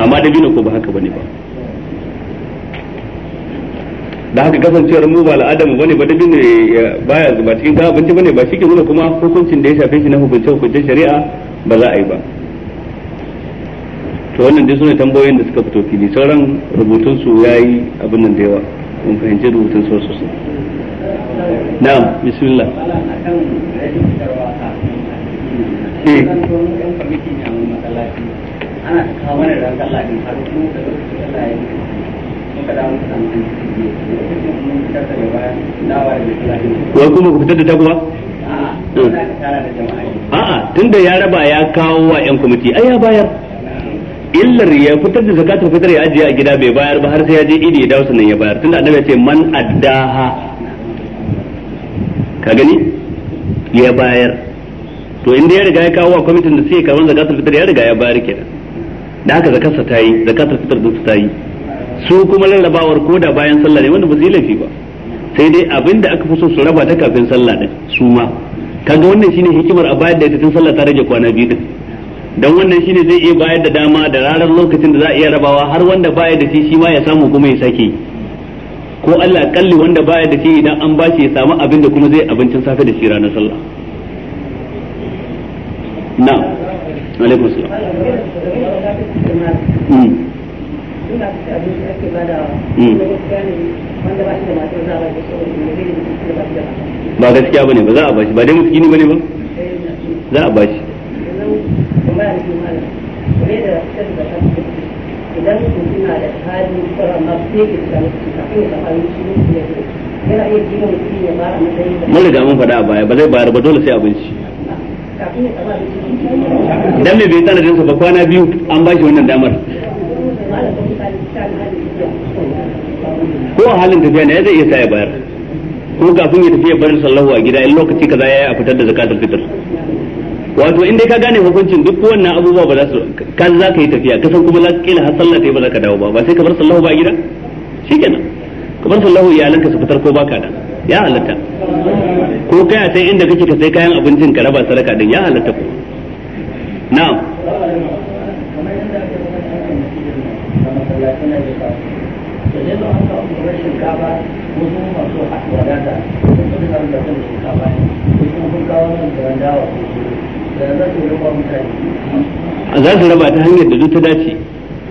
amma dabino ko ba haka bane ba da haka kasancewar mu ba al'adamu bane ba dabino baya zuba cikin ka abinci bane ba shike nuna kuma hukuncin da ya shafe shi na hukuncin hukuncin shari'a ba za a yi ba to wannan dai sune tambayoyin da suka fito fili sauran rubutun su yayi abin nan da yawa mun fahimci rubutun su sosai na'am bismillah eh ana ta kawo mana ran Allah din har kuma da Allah ya muka da muka san mun fitar da bayan dawa da Allah wai kuma ku fitar da ta kuma a'a tunda ya raba ya kawo wa yan kwamiti ai ya bayar illar ya fitar da zakatul fitar ya ajiye a gida bai bayar ba har sai ya je idi ya dawo sannan ya bayar tunda annabi ya ce man addaha ka gani ya bayar to inda ya riga ya kawo wa kwamitin da suke karban zakatul fitar ya riga ya bayar kenan da haka zakarsa ta yi zakatul fitar din ta yi su kuma rarrabawar da bayan sallah ne wanda ba su yi laifi ba sai dai abin da aka fi so su raba ta kafin sallah din su ma kaga wannan shine hikimar a bayar da ita tun sallah ta rage kwana biyu din dan wannan shine zai iya bayar da dama da ranar lokacin da za a iya rabawa har wanda baya da shi shi ma ya samu kuma ya sake ko Allah kalli wanda baya da shi idan an bashi ya samu abin da kuma zai abincin safe da shi ranar sallah na'am alaikum salam hmm. Hmm. ba gaskiya bane ba za a bashi ba dai bane ba za a bashi da mun riga mun faɗa a baya ba zai bayar ba dole sai abinci dan me bai tana jinsa ba kwana biyu an ba shi wannan damar ko halin tafiya ne zai iya sa ya bayar ko kafin ya tafi ya bar sallahu a gida in lokaci kaza yayi a fitar da zakatul fitr wato in dai ka gane hukuncin duk wannan abubuwa ba za su ka za ka yi tafiya ka san kuma za ka kila sallah ba za ka dawo ba ba sai ka bar sallahu ba a gida shikenan ka bar sallahu iyalanka su fitar ko baka da ya halatta ko kaya sai inda kake ka sai kayan abincin ka raba sadaka din ya halatta ku na'am za su raba ta hanyar da duk ta dace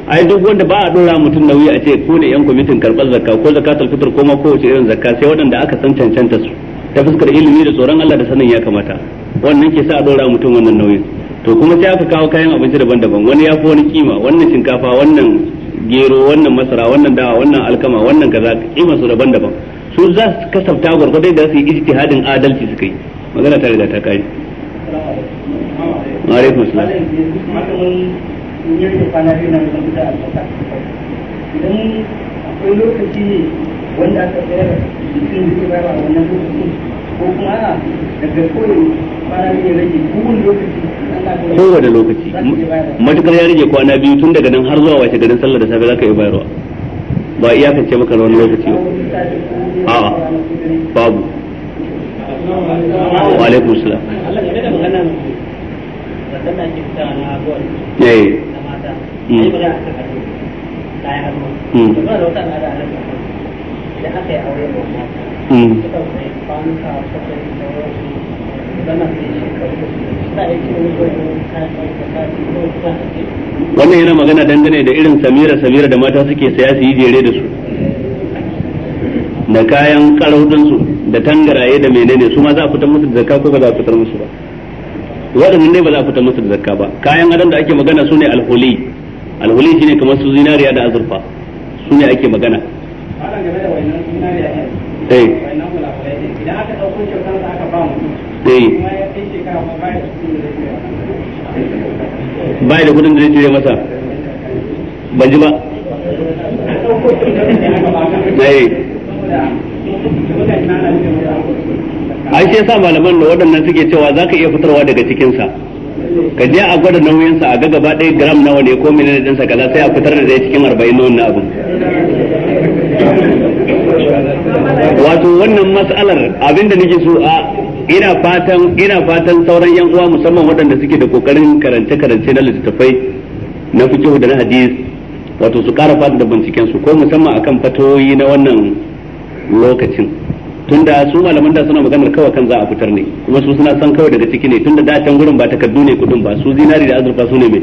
ai duk wanda ba a dora mutum nauyi a ce ko da yan kwamitin karɓar zakka ko zakatul fitr ko kowace irin zakka sai waɗanda aka san cancanta su ta fuskar ilimi da tsoron Allah da sanin ya kamata wannan ke sa a dora mutum wannan nauyin to kuma sai aka kawo kayan abinci daban-daban wani ya fi wani kima wannan shinkafa wannan gero wannan masara wannan dawa wannan alkama wannan kaza kima su daban-daban su za su kasafta gwargwadon da su yi ijtihadin adalci suka yi magana ta riga ta kai alaikum salam idan akwai lokaci wanda aka tsayar da cikin zuwa wannan lokacin da lokaci matukar ya rage kwana biyu tun daga nan har zuwa washe garin sallar da safe za ka yi bayarwa ba iyakance maka wani lokaci ba a babu wa alaikum salam eh hmm. da hmm. aka yi aure Mm. wannan yana magana dangane da irin samira samira da mata suke saya su yi jere da su da kayan karautinsu da tangaraye da menene su ma za a fitar musu da zakka ko ba za a fitar musu ba waɗannan ne ba za a fitar musu da zakka ba kayan adam da ake magana su ne alhuli alhuli shine kamar su zinariya da azurfa su ne ake magana eh, eh. da kudin da zai cire masa eh. ai sai sa malaman da waɗannan suke cewa za ka iya fitarwa daga cikinsa ka je a gwada nauyinsa a ga gaba ɗaya gram nawa ne ko menene ɗinsa kaza sai a fitar da zai cikin arba'in na wannan abin wato wannan mas'alar abinda nake so a ina fatan ina fatan sauran yan uwa musamman waɗanda suke da kokarin karance karance na littattafai na fiqh da na hadis wato su ƙara fata da binciken su ko musamman akan fatoyi na wannan lokacin tunda su malaman da suna maganar kawai kan za a fitar ne kuma su suna san kawai daga ciki ne tunda da can gurin ba takardu ne kudin ba su zinari da azurfa su ne mai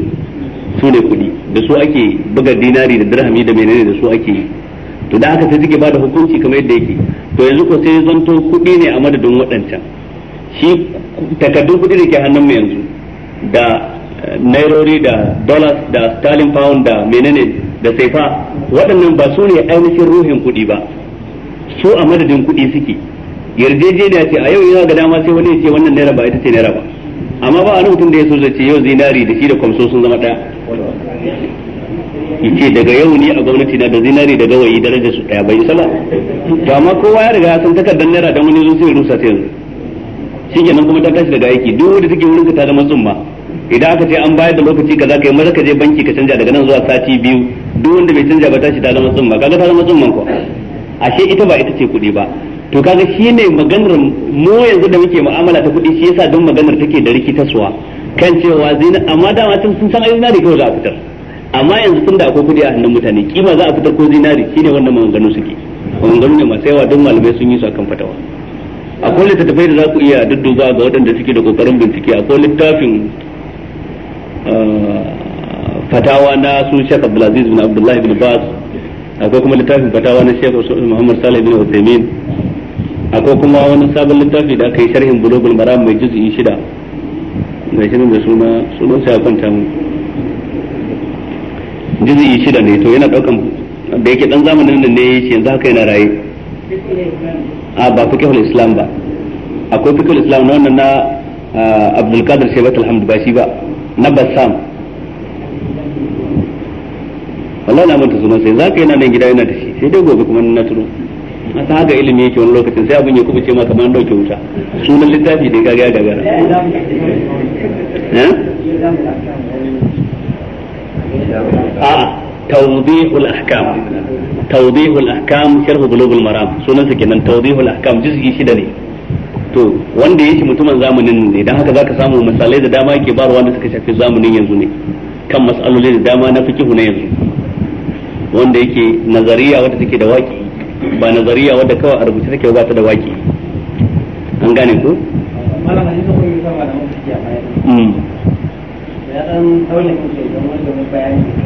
su ne kudi da su ake buga dinari da dirhami da menene da su ake to da aka sai suke ba da hukunci kamar yadda yake to yanzu ko sai zanto kuɗi ne a madadin waɗancan shi takardun kuɗi da ke hannun mu yanzu da eh, nairori da dollars da sterling pound da menene da saifa waɗannan ba su ne ainihin ruhin kuɗi ba su a madadin kuɗi suke yarjejeniya ce a yau yana ga dama sai wani ya ce wannan naira ba ita ce naira ba amma ba a mutum da ya so zai ce yau zinari da shi da kwamso sun zama ɗaya yace daga yau ne a gwamnati na da zinari da gawayi daraja su daya bai sama to amma kowa ya riga san dan naira dan wani zo sai rusa ta yanzu shikenan kuma ta tashi daga aiki duk wanda take wurin ta zama tsumma idan aka ce an bayar da lokaci kaza kai maza ka je banki ka canja daga nan zuwa sati biyu duk wanda bai canja ba tashi ta zama tsumma kaga ta zama tsumman ko ashe ita ba ita ce kuɗi ba to kaga shi ne maganar mu yanzu da muke mu'amala ta kuɗi shi yasa don maganar take da rikitaswa, kan cewa zina amma dama sun san zina da kawai za a fitar amma yanzu tun da akwai kudi a hannun mutane kima za a fitar ko zinari shine wannan maganganu suke maganganu ne masu yawa don malamai sun yi su akan fatawa akwai littattafai da za ku iya dudduba ga waɗanda suke da kokarin bincike akwai littafin ah, fatawa na sun shek Abdulaziz bin Abdullahi bin Bas akwai kuma littafin fatawa na shek Muhammad Salih bin Uthaymeen akwai kuma wani sabon littafi da aka yi sharhin Bulughul Maram mai juz'i shida mai shirin da suna sunan sa ya kwanta mu juz'i shida ne to yana daukan da yake dan zamanin nan ne yake yanzu haka yana raye a ba fiqhul islam ba akwai fiqhul islam na wannan na Abdul Qadir Shaibat Alhamd ba shi ba na Bassam wallahi na manta sunan sai zaka yana nan gida yana da shi sai dai gobe kuma na turo a ta haka ilimi yake wani lokacin sai abin ya kuma ce ma kamar an dauke wuta sunan littafi da gaga gaga eh a'a tawdihul ahkam tawdihul ahkam sharh bulugul maram sunan sa kenan tawdihul ahkam juz'i shida ne to wanda yake mutumin zamanin ne dan haka zaka samu misalai da dama yake bar wanda suka shafi zamanin yanzu ne kan mas'aloli da dama na fikihu na yanzu wanda yake nazariya wadda take da waki ba nazariya wadda kawai a rubuce take ba ta da waki an gane ko ko Mm. Ya ya dan tauna kuke don wanda mun bayani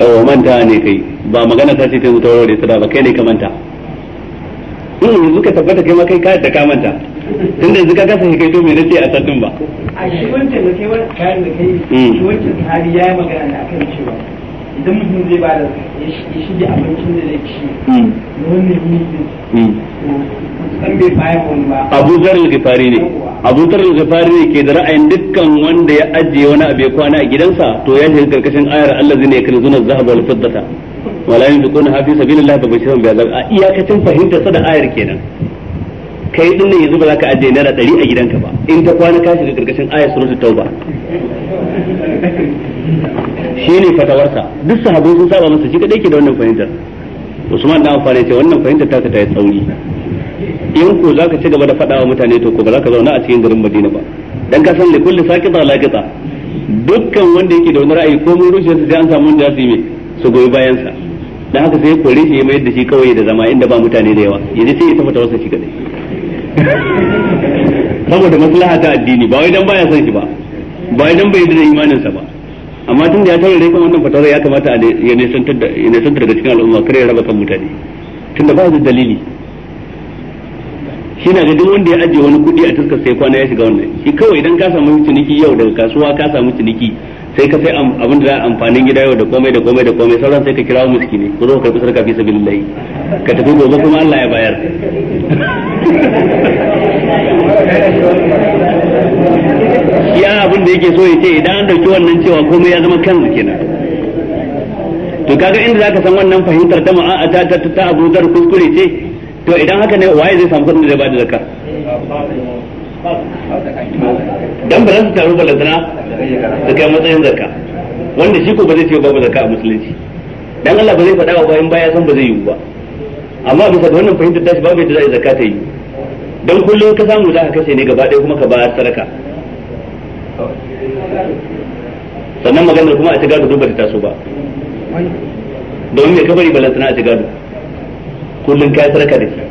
yawa manta ne kai ba magana ta ce ta wuta warware ta da ba kai ne ka manta in hmm, yanzu ka tabbata kai ma kai ka yadda ka manta tun da yanzu ka kasa kai to me nace a satin ba a shi wancan da kai wancan kayan da kai hmm. shi wancan sahabi ya yi magana da akan cewa idan mutum zai ba da ya shige abincin da zai ci hmm. mutum hmm. bai wani ba abu zarar gifari ne abu zarar gifari ne ke da ra'ayin dukkan wanda ya ajiye wani abu ya kwana a gidansa to ya shiga karkashin ayar Allah zai ne ya kalli zunar zahaba wal fiddata wala yunfiquna hafi sabilillah fa bashiran bi azab a iyakacin fahimtar sada ayar kenan kai din ne yanzu ba za ka ajiye naira ɗari a gidanka ba in ta kwana ka shiga karkashin ayar suratul tauba ne fatawarsa duk sahabbai sun saba masa shi kadai ke da wannan fahimtar Usman da amfani ce wannan fahimtar taka ta yi tsauri in ko zaka ci gaba da fada wa mutane to ko ba za ka zauna a cikin garin Madina ba dan ka san likulli saqita laqita dukkan wanda yake da wani ra'ayi ko mun rushe sai an samu wanda su yi su goyi bayan sa dan haka sai kore shi ya mayar da shi kawai da zama inda ba mutane da yawa yanzu sai ya tafi ta wasa shi kadai (laughs) saboda maslaha ta addini ba wai dan baya son shi ba ba wai dan bai da imanin sa ba amma tun da ya tare dai kan wannan fatawar ya kamata ya nisantar da ya nisantar daga cikin al'umma kare raba kan mutane tun da ba su dalili shi na ga duk wanda ya ajiye wani kuɗi a tuskar sai kwana ya shiga wannan shi kawai idan ka samu ciniki yau daga kasuwa ka samu ciniki sai ka sai abin da za amfanin gida yau da komai da komai da komai sauran sai ka kira wa miskini ko zo ka karɓi sarka fi sabilillahi ka tafi gobe kuma Allah ya bayar (laughs) ya abin da yake so ya ce idan an dauki wannan cewa komai ya zama kanzu kenan to kaga inda zaka san wannan fahimtar ta ma'a ta ta ta Abu Dar kuskure ce to idan haka ne waye zai samu kudin da zai bada zakka dan ba za su taru balantana su kai matsayin zakka wanda shi ko ba zai ce babu zakka a musulunci dan Allah ba zai faɗa wa bayan baya san ba zai yiwu ba amma bisa da wannan fahimtar tashi babu yadda za a yi zakka ta yi dan kullum ka samu za ka kashe ne gaba ɗaya kuma ka ba sadaka sannan maganar kuma a ci gado duba ta taso ba domin mai kabari balantana a ci gado kullum ka sarka da shi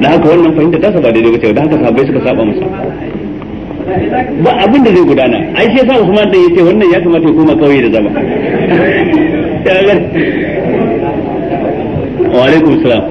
na haka wannan fahimta ta saba daidai wacce da haka sabai suka saba masa ba abin da zai gudana ai shi yasa Usman da yace wannan ya kamata ya koma kauye da zama (laughs) wa alaikum salam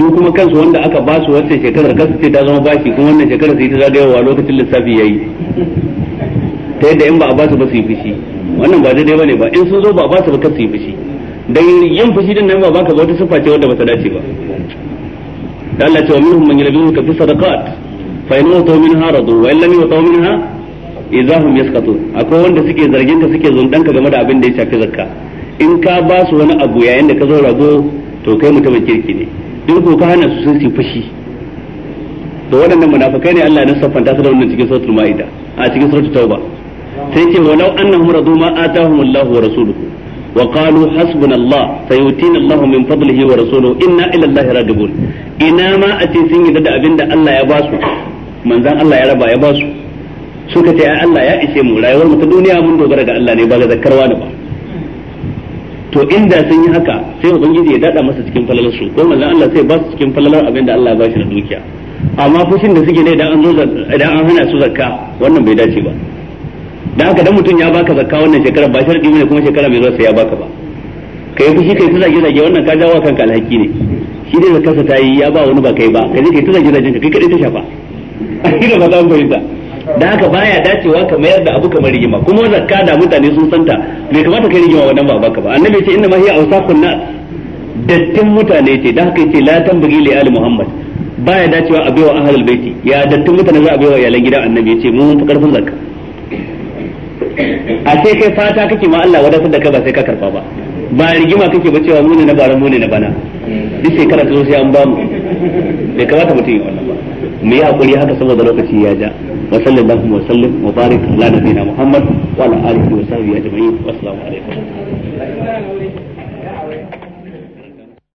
su kuma kansu wanda aka ba su wannan shekarar kasu ce ta zama baki kuma wannan shekarar sai ta zagayowa lokacin lissafi yayi ta yadda in ba a ba su ba su yi fushi wannan ba daidai bane ba in sun zo ba a ba su ba kasu yi fushi dan yin fushi din nan ba baka ga wata siffa ce wanda ba ta dace ba da Allah ce wa minhum man yalbisu fi sadaqat fa in wata min haradu wa in lam yata minha idahum yaskatun akwai wanda suke zargin ka suke ka game da abin da ya shafi zakka in ka ba su wani abu yayin da ka zo rago to kai mutumin kirki ne in ko ka hana su sun su fushi da waɗannan munafikai ne Allah ya siffanta su da wannan cikin suratul maida a cikin suratul tauba sai ce wa law annahum radu ma atahum Allah wa rasuluhu wa qalu hasbuna Allah sayutina Allah min fadlihi wa rasuluhu inna ila Allah radibun ina ma a ce sun yi da abinda Allah ya ba su manzan Allah ya raba ya ba su suka ce ai Allah ya ishe mu rayuwar mu ta duniya mun dogara ga Allah ne ba ga zakarwa da ba to inda sun yi haka sai ubangiji ya dada masa cikin falalar su ko manzon Allah sai ba su cikin falalar abin da Allah ya bashi na dukiya amma fushin da suke ne idan an zo idan an hana su zakka wannan bai dace ba dan haka dan mutum ya baka zakka wannan shekara ba sharadi ne kuma shekara mai zuwa sai ya baka ba kai fushi kai tuza zage ge wannan ka jawo kanka alhaki ne shi dai zakka ta yi ya ba wani ba kai ba kai kai tuza zage kai kadai ta shafa a (laughs) kira ba za mu fahimta da haka baya dacewa ka mayar da abu kamar rigima kuma zakka da mutane sun santa bai kamata kai rigima wannan ba baka ba annabi ce inna ma hiya awsaqun nas dattin mutane ce da haka yace la tambagi li ali muhammad baya dacewa a baiwa ahlul baiti ya dattin mutane za a baiwa iyalan gidan annabi yace mu fi karfin zakka a sai kai fata kake ma Allah wadatar da kai ba sai ka karba ba ba rigima kake ba cewa mu ne na bara mu ne na bana duk shekara ta zo sai an bamu bai kamata mutum ya wannan ba mu yi hakuri haka saboda lokaci ya ja وصل اللهم وسلم وبارك على نبينا محمد وعلى اله وصحبه اجمعين والسلام عليكم